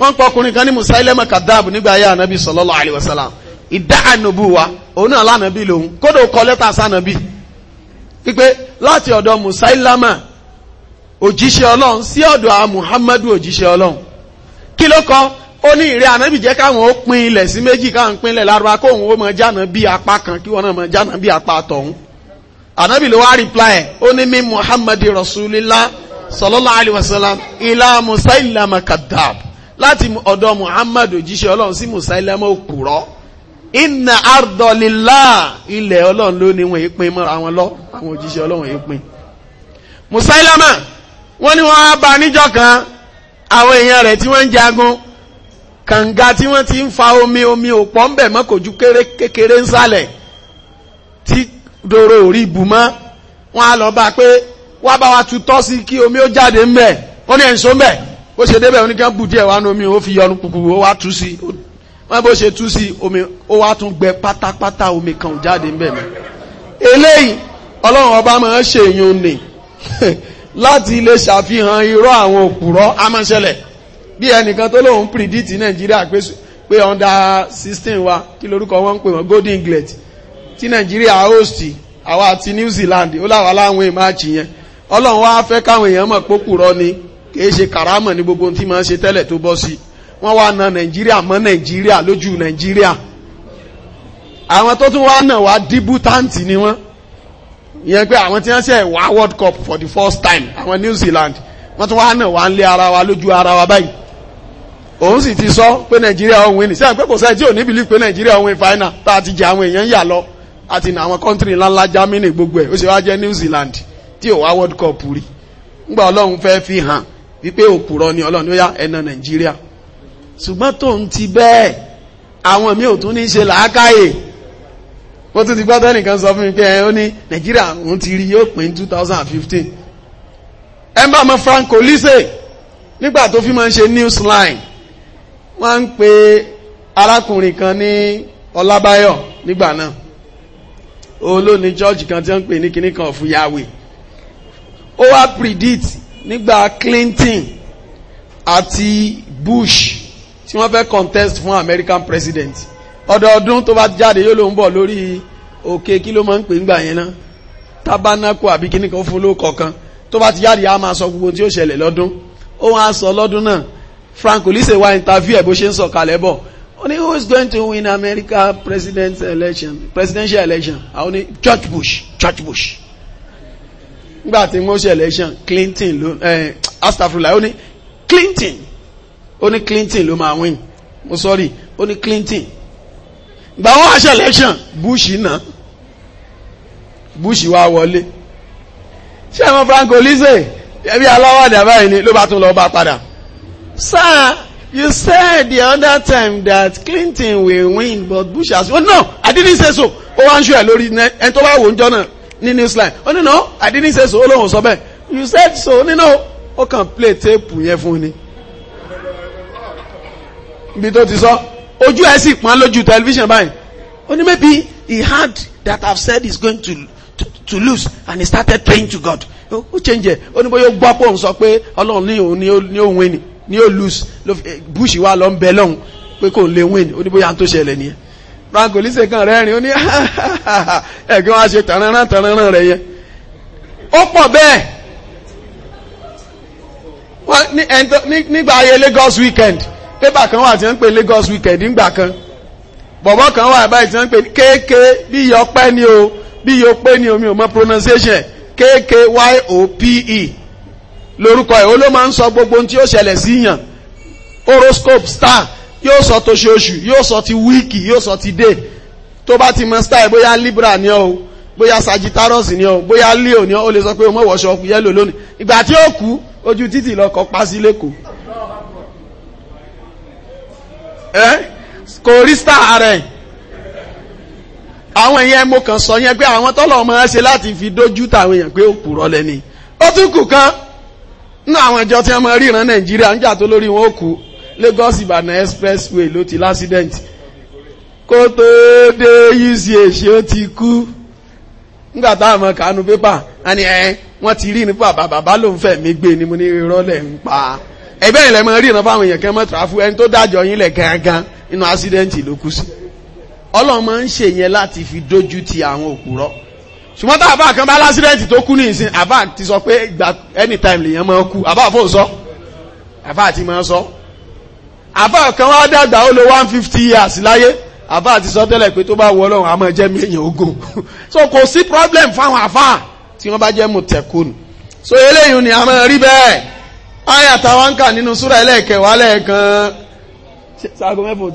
wọ́n pọ̀ ọkùnrin kan ní musailema kadab nígbà ayé anabi sallallahu alayhi wa sallam ìdá ànàbù wa òun náà lánàbí lòun kódò kọ lẹ́tà sànàbí pípé láti ọ̀dọ̀ musailama òjíṣẹ́ ọlọ́run sí ọ̀dọ̀ muhammadu òjíṣẹ́ ọlọ́run kí ó ní ìrẹ́ ànábì jẹ́ káwọn ó pín ilẹ̀ sí méjì káwọn pín ilẹ̀ lárúbá kóhun ó mọ jáná bí apá kan kí wọn náà mọ jáná bí apá tọ̀hún ànábì ló wá reply ó ní mi muhammadu rasulillah sallallahu alayhi wa sallam ilá musailama kadab láti ọ̀dọ̀ muhammadu jíṣẹ́ ọlọ́run sí musailama òpùrọ́ inna ardọ̀lélá ilẹ̀ ọlọ́run ló ní wọ́n ìpín mọ́ra wọn lọ àwọn òjíṣẹ́ ọlọ́run ìpín musailama wọ́n ní wọ́n á bá níjọ́ kan àwọn èèyàn rẹ̀ tí wọ́n ń jagun kànga tí wọ́n ti ń fa omi omi ò pọ̀ ń bẹ̀ mọ́ kò ju kékeré ń sálẹ̀ tí dòrò ò rí bù mọ́ wọ́n á lọ bá a pé wá bá wa tu tọ́ sí kí omi ó jáde ń bẹ̀ ó ní ẹ̀ǹsó ń bẹ̀ bó ṣe débẹ̀ oníkan bù díẹ̀ wá ní omi ó fi yọnu kùkù ó wá tú sí wọ́n bó ṣe tú sí omi ó wá tún gbẹ pátápátá omi kan ò jáde ń bẹ̀ mọ́ eléyìí ọlọ́run ọba máa ń ṣèyún ni láti lè ṣàfihàn irọ́ àwọn òpùrọ́ amáṣẹ́lẹ̀ bí ẹnìkan tó lóun pìrìdìtì nàìjíríà pé under sixteen wa kí lórúkọ wọn ń pè wọn gold inglet tí nàìjíríà host àwa àti new zealand ó láwa láwọn ìmáàchì yẹn ọlọ́run wá fẹ́ káwọn èèyàn mọ̀ ni kìí ṣe kàrámọ̀ ní gbogbo tí máa ń ṣe tẹ́lẹ̀ tó bọ́ sí wọ́n wá na nàìjíríà mọ́ nàìjíríà lójú nàìjíríà àwọn tó tún ni wọ́n ìyẹn pé àwọn tí wọ́n ṣe wá world cup for the first time àwọn new zealand wọ́n tún wá nà òun sì ti sọ pé nàìjíríà ọ̀hún ní sí àpẹ́ kò sẹ́ẹ̀ tí ò ní bìlí pé nàìjíríà ọ̀hún fáínà tá a ti jẹ àwọn èèyàn yà lọ àti nà àwọn kọ́ńtìrì ńláńlá germany gbogbo ẹ̀ ó sì wá jẹ́ new zealand tí ò wá world cup rí ńgbà ọlọ́run fẹ́ fi hàn wípé òpùrọ̀ ni ọlọ́run ó yá ẹ̀nà nàìjíríà ṣùgbọ́n tóun ti bẹ́ẹ̀ àwọn mi ò tún ní ṣe làákàyè mo tún ti gbọ́dọ̀ nìkan sọ fún mi pé ẹ ní nàìjíríà òun ti rí yóò two thousand and fifteen ẹ bá mọ Frank Olise nígbà tó fi máa ń ṣe news line wọ́n ń pe arákùnrin kan ní ọlábáyọ̀ nígbà náà olóòní chọ́ọ̀chì kan tí wọ́n ń pè ní kinní kan fún yahweh ó wá predict nígbà clinton àti bush tí wọ́n fẹ́ contest fún american president ọdọọdún tó bá jáde yóò ló ń bọ̀ lórí òkè kí ló máa ń pè ń gbà yẹn náà tábánákò àbí kíní kan fún olóòkọ̀ kan tó bá ti jáde á máa sọ gbogbo tí ó ṣẹlẹ̀ lọ́dún ó wá sọ lọ́dún náà Frank Olise wá interview ẹ̀ bó ṣe ń sọ̀kalẹ̀ bọ̀ ó ní who is going to win America president election presidential election àwọn ní George Bush George Bush nígbà tí wọ́n ṣe election Clinton ló ẹ̀ eh, astafurla ó ní Clinton ó ní Clinton ló máa win mo sorry ó ní Clinton gbà wọ́n àṣẹ election Bush náà Bush wá wọlé ṣé ẹ mọ̀ Frank Olise ẹbí aláwàdà báyìí ni ló bá tún lọ bá padà. Sir, you said the other time that Clinton will win, but Bush has won. Oh, no, I didn't say so. Ó wá ń ṣe ẹ̀ lórí ẹni tó bá wò ń jọ́nà ní newsline. Ó oh, ní no, I didn't say so. Olóhùn sọ bẹ́ẹ̀. You said so. Ó oh, ní no, ó kàn play tape yẹn fún ni. Ibi tó ti sọ, ojú ẹ̀ sì pọ́n lójú tẹlifíṣàn báyìí. Ó ní maybe he had that I've said he's going to to, to lose and he started praying to God. Ó change ẹ̀. Ó ní bóyá ó gbọ́ pé òun sọ pé Ọlọ́run ní òun ní òun wẹ́ni ní ó lose bush wà lọ ń bẹ lọ́hùn pé kò lè win oníbóyá tó ṣẹlẹ̀ nìyẹn francolise kan rẹ́rìn ó ní ẹ̀gbẹ́ wọn á ṣe tànrán tànrán rẹ̀ yẹn ó pọ̀ bẹ́ẹ̀ nígbà ayé Lagos weekend pépà kan wà tí wọ́n ń pè Lagos weekend nígbà kan bọ̀bọ̀ kan wà báyìí tí wọ́n ń pè kéèké bí yọpẹ́ ni o bí yọpẹ́ ni o mi ò mọ pronunciation kéèké y o p e lórúkọ ẹ̀ ó ló máa ń sọ gbogbo tí ó ṣẹlẹ̀ sí yàn horoscope star yóò sọ tó ṣe oṣù yóò sọ ti wíìkì yóò sọ ti dé tó bá ti mọ star bóyá libra ni o bóyá sagittarius ni o bóyá leo ni o ó lè sọ pé o mọ̀ wọ̀ṣọ yẹ́lò lónìí ìgbà tí ó kú ojú títì lọkọ̀ pa sí lẹ́kọ̀ọ́ ẹ́ kò rí star ara ẹ̀ àwọn èèyàn mo kàn sọ yẹn pé àwọn tọ́lọ̀ máa ṣe láti fi dójú tàwọn èèyàn pé ó kù rọlẹ̀ ni ó tún kù kan nínú àwọn ìjọ tí a máa ríran nàìjíríà ń jà tó lórí wọn ó kú Lagos Ìbàdàn expressway ló ti lásídẹ̀ǹtì kó tó dé UCH ó ti kú nígbà táwọn ọmọ pépà àni ẹ wọ́n ti rí ní bàbá bàbá ló ń fẹ́ mi gbé ni mo ní rọlẹ̀ ń pa ẹgbẹ́ ìlẹ̀ mọ ríran fáwọn èèyàn kan mọ́ tààfù ẹni tó dájọ́ yín lẹ̀ gangan nínú ásídẹ̀ǹtì ló kú sí ọlọ́mọ ń ṣèyẹn láti fi dójú ti àwọn òpùrọ́ ṣùgbọ́n tá àbá kan bá lásìrẹ́ǹtì tó kú ní ìsìn àbá ti sọ pé gba anytime lèèyàn máa kú àbá fò sọ àbá àti máa sọ àbá kan wá dàgbà ó lo one fifty years láyé àbá àti sọ tẹ́lẹ̀ pé tó bá wọ ọlọ́run a máa jẹ́ mẹ́yìn ogun so kò sí problem fáwọn àfà tí wọ́n bá jẹ́ mu tẹ̀kùn so eléyìí ni a máa rí bẹ́ẹ̀ àyà táwọn ń kà nínú súra ẹlẹ́ẹ̀kẹwàá lẹ́ẹ̀kan ṣe sáàgọ́ mẹ́fọ̀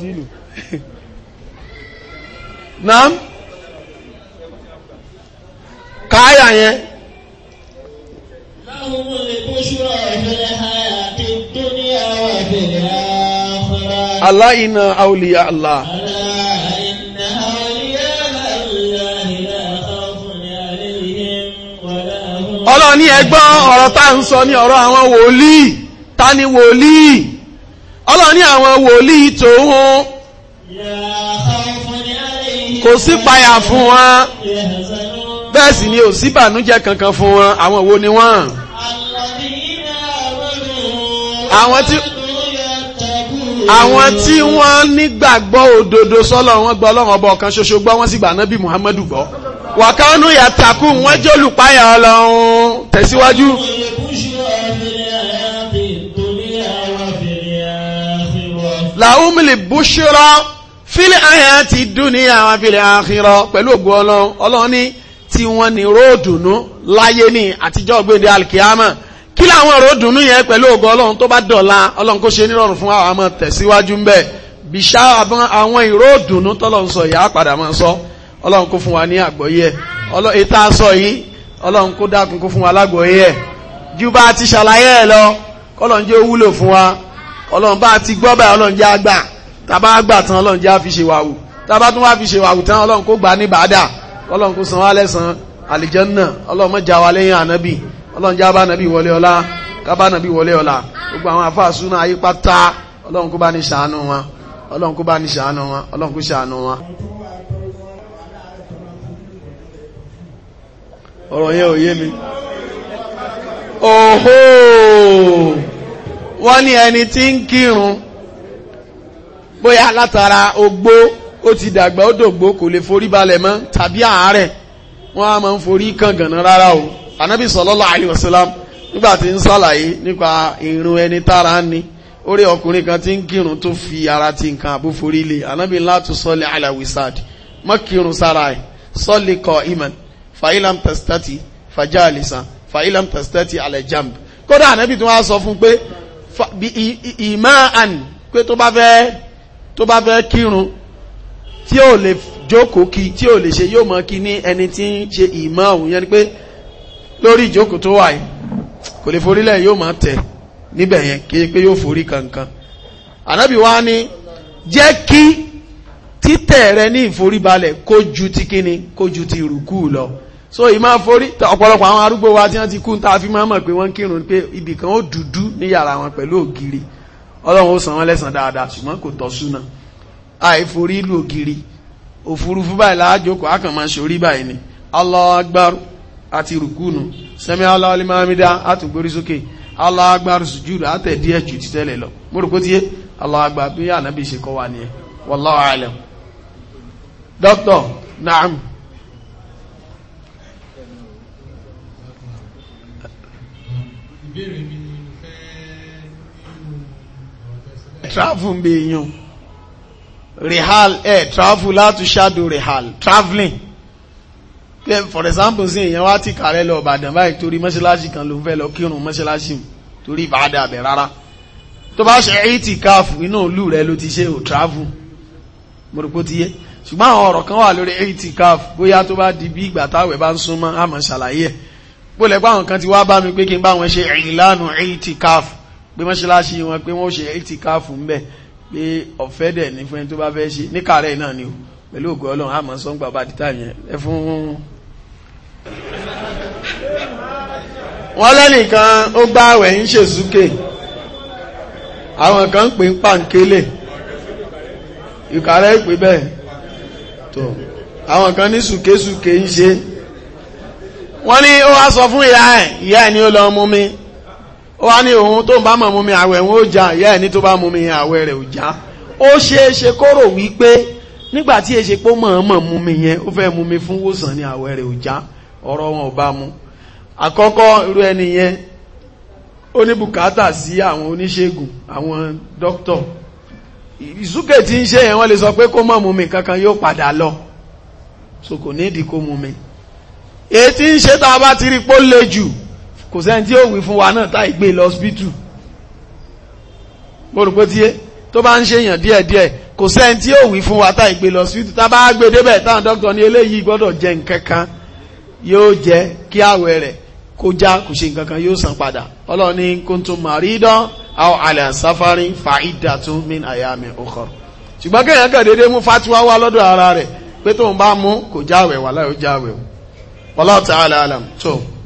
káyà yẹn. aláìna àwòlíyà Allah. ọlọ́run ní ẹgbọ́n ọ̀rọ̀ tá ń sọ ní ọ̀rọ̀ àwọn wòlíì ta ni wòlíì ọlọ́run àwọn wòlíì tòun kò sí payà fún wọn. bẹ́ẹ̀ sì ni ò sí bànújẹ́ kankan fún wọn àwọn wo ni wọ́n. àwọn tí àwọn tí wọ́n nígbàgbọ́ òdodo sọ́lọ̀ wọn gbọ́ ọlọ́run ọba ọ̀kan ṣoṣo gbọ́ wọ́n sì gbà nábì Muhammadu gbọ́ wàkánú yàtàkù wọ́n jólùpáyà ọlọ́run tẹ̀síwájú. làwùmìlì búṣúrọ́ fílẹ̀ àyà ti dúnìyà wọn fílẹ̀ àkírọ̀ pẹ̀lú ògùn ọlọ́run ọlọ́run ní tí wọ́n ní róòdùnú láyé ní àtijọ́ gbèdé alkiyama kí làwọn róòdùnú yẹn pẹ̀lú ògo ọlọ́run tó bá dọ̀la ọlọ́run kó ṣe nírọ̀rùn fún àwọn àmọ́ tẹ̀síwájú ń bẹ̀ bìṣà àwọn ìróòdùnú tọ́lọ̀ ń sọ ìyá padà máa sọ ọlọ́run kó fún wa ní àgbọ́yé ẹ̀ ìta sọ ti ṣàlàyé ẹ̀ lọ kọ́lọ́n jẹ́ wúlò fún wa ọlọ́run bá ti gbọ́ báyìí ọlọ́run jẹ́ àgbà tàbá àgbà tán ọlọ́run jẹ́ àfiṣèwàwù tàbá tún wá fi ṣèwàwù tán ọlọ́run kó gbà ní bàádà ọlọ́run kó san wá lẹ́san àlìjánná ọlọ́run má já lẹ́yìn ànábì ọlọ́run já bá ànábì wọlé ọlá kábá ànábì wọlé ọlá gbogbo àwọn àfáà súná ayé ọlọ́run wọn ọlọ́run bá ní wọn ọlọ́run ó ti dàgbà ó dògbó kò lè forí balẹ̀ mọ́ tàbí àárẹ̀ wọ́n á máa ń forí kàngànà rárá o anábì sallallahu alaihi wasallam nígbà tí ń sàlàyé nípa ìrun ẹni tára ń ní ó ọkùnrin kan ti ń kírun tó fi ara ti nǹkan àbú forí lé anábì ńlá tó sọ́lé alawisad má kírun sára ẹ̀ sọ́lé kọ iman fa'ilam testati fajalisan fa'ilam testati alejamb kódà anábì tí wọ́n á sọ fún pé ìmáàn pé tó bá fẹ́ kírun tí ó lè jókòó kí tí ó lè ṣe yóò mọ́ kí ní ẹni tí ń ṣe ìmọ̀ òun yẹn ni pé lórí ìjókòó tó wà yìí kò lè forílẹ̀ yóò mọ́ tẹ̀ níbẹ̀ yẹn kí pé yóò forí kankan ànábì wa ni jẹ́ kí títẹ̀ rẹ ní ìforíbalẹ̀ kó ju ti kíni kó ju ti rùkú lọ so ìmọ̀ forí ọ̀pọ̀lọpọ̀ àwọn arúgbó wa tí wọ́n ti kú ta fi máa mọ̀ pé wọ́n kírun pé ibìkan ó dúdú ní yàrá wọn pẹ̀lú ògiri ọlọ́run ó san wọn lẹ́san dáadáa ṣùgbọ́n kò tọ́ súnà àìforí ìlú ògiri òfurufú báyìí láàjòkó akànmà ṣorí báyìí ni Allahu àti rùkúnù sẹ́mi Allahu àtúgbórí sókè Allahu Akbar sùjúdù àtẹ̀díẹ̀ ti tẹ́lẹ̀ lọ mórùkó tí ala ni travel ń yàn rehal eh travel out to shadow rehal traveling then for example sí èèyàn wá ti kàrẹ́ lọ ìbàdàn báyìí torí mọ́ṣáláṣí kan ló fẹ́ lọ kírun mọ́ṣáláṣí torí ìbàdàn àbẹ̀ rárá tó bá ṣe itikaf inú ìlú rẹ ló ti ṣe ò travel mo rò pé ó ti yé ṣùgbọ́n àwọn ọ̀rọ̀ kan wà lórí itikaf bóyá tó bá di bí ìgbà táwẹ̀ bá ń súnmọ́ àmọ́ ṣàlàyé ẹ̀ bólẹ̀ pé àwọn kan ti wá bá mi pé kí n bá wọn ṣe ìlànà itikaf pé mọ́ṣáláṣí wọn pé wọ́n ṣe itikaf ń bẹ̀ pé ọ̀fẹ́ dẹ̀ ní fún ẹni tó bá fẹ́ ṣe ní kààrẹ̀ náà ni o pẹ̀lú ògo ọlọ́run àmọ́ sọ́ngbà bá dìtà yẹn ẹ fún wọ́n lẹ́nìkan ó gbá àwẹ̀ ń ṣe súkè àwọn kan ń pè ń pàǹkélé ìkàrẹ́ ìpè bẹ́ẹ̀ tó àwọn kan ní súkésúkè ń ṣe wọ́n ní ó wá sọ fún ìyá ẹ̀ ìyá ẹ̀ ni ó lọ mú mi ó wá ní òun tó ń bá mọ̀ mú mi àwẹ̀ òun ó já ìyá ẹ̀ ní tó bá mú mi àwẹ̀ rẹ̀ ò já ó ṣeé ṣe kóró wípé nígbà tí èṣe pó mọ̀ọ́mọ̀ mú mi yẹn ó fẹ́ mú mi fún wòsàn ní àwẹ̀ rẹ̀ ò já ọ̀rọ̀ wọn ò bá mu àkọ́kọ́ irú ẹni yẹn ó ní bùkátà sí àwọn oníṣègùn àwọn dókítà ìsúkè tí ń ṣe yẹn wọ́n lè sọ pé kó mọ̀ mú mi kankan yóò padà lọ so kò nídìí kó mú mi èyí tí ń ṣe tá a bá ti rí pó le jù kò sẹ́ni tí ó wí fún wa náà tá ìgbé lọ hospital mo rò pé tiye tó bá ń ṣèyàn díẹ̀díẹ̀ kò sẹ́ni tí ó wí fún wa tá ìgbé lọ hospital tá bá gbé débẹ̀ táwọn dókítà ní eléyìí gbọ́dọ̀ jẹ nǹkan yóò jẹ kí àwẹ̀ rẹ̀ kó já kò ṣe nǹkan yóò san padà ọlọ́run ní kuntum maridan aw ala safari fa'iddatun min ayamin ukhar ṣùgbọ́n kéèyàn kàn déédéé mú fatiwa wá lọ́dọ̀ ara rẹ̀ pé tóun bá mú kò jáwẹ̀ wà láyò jáwẹ̀ tó.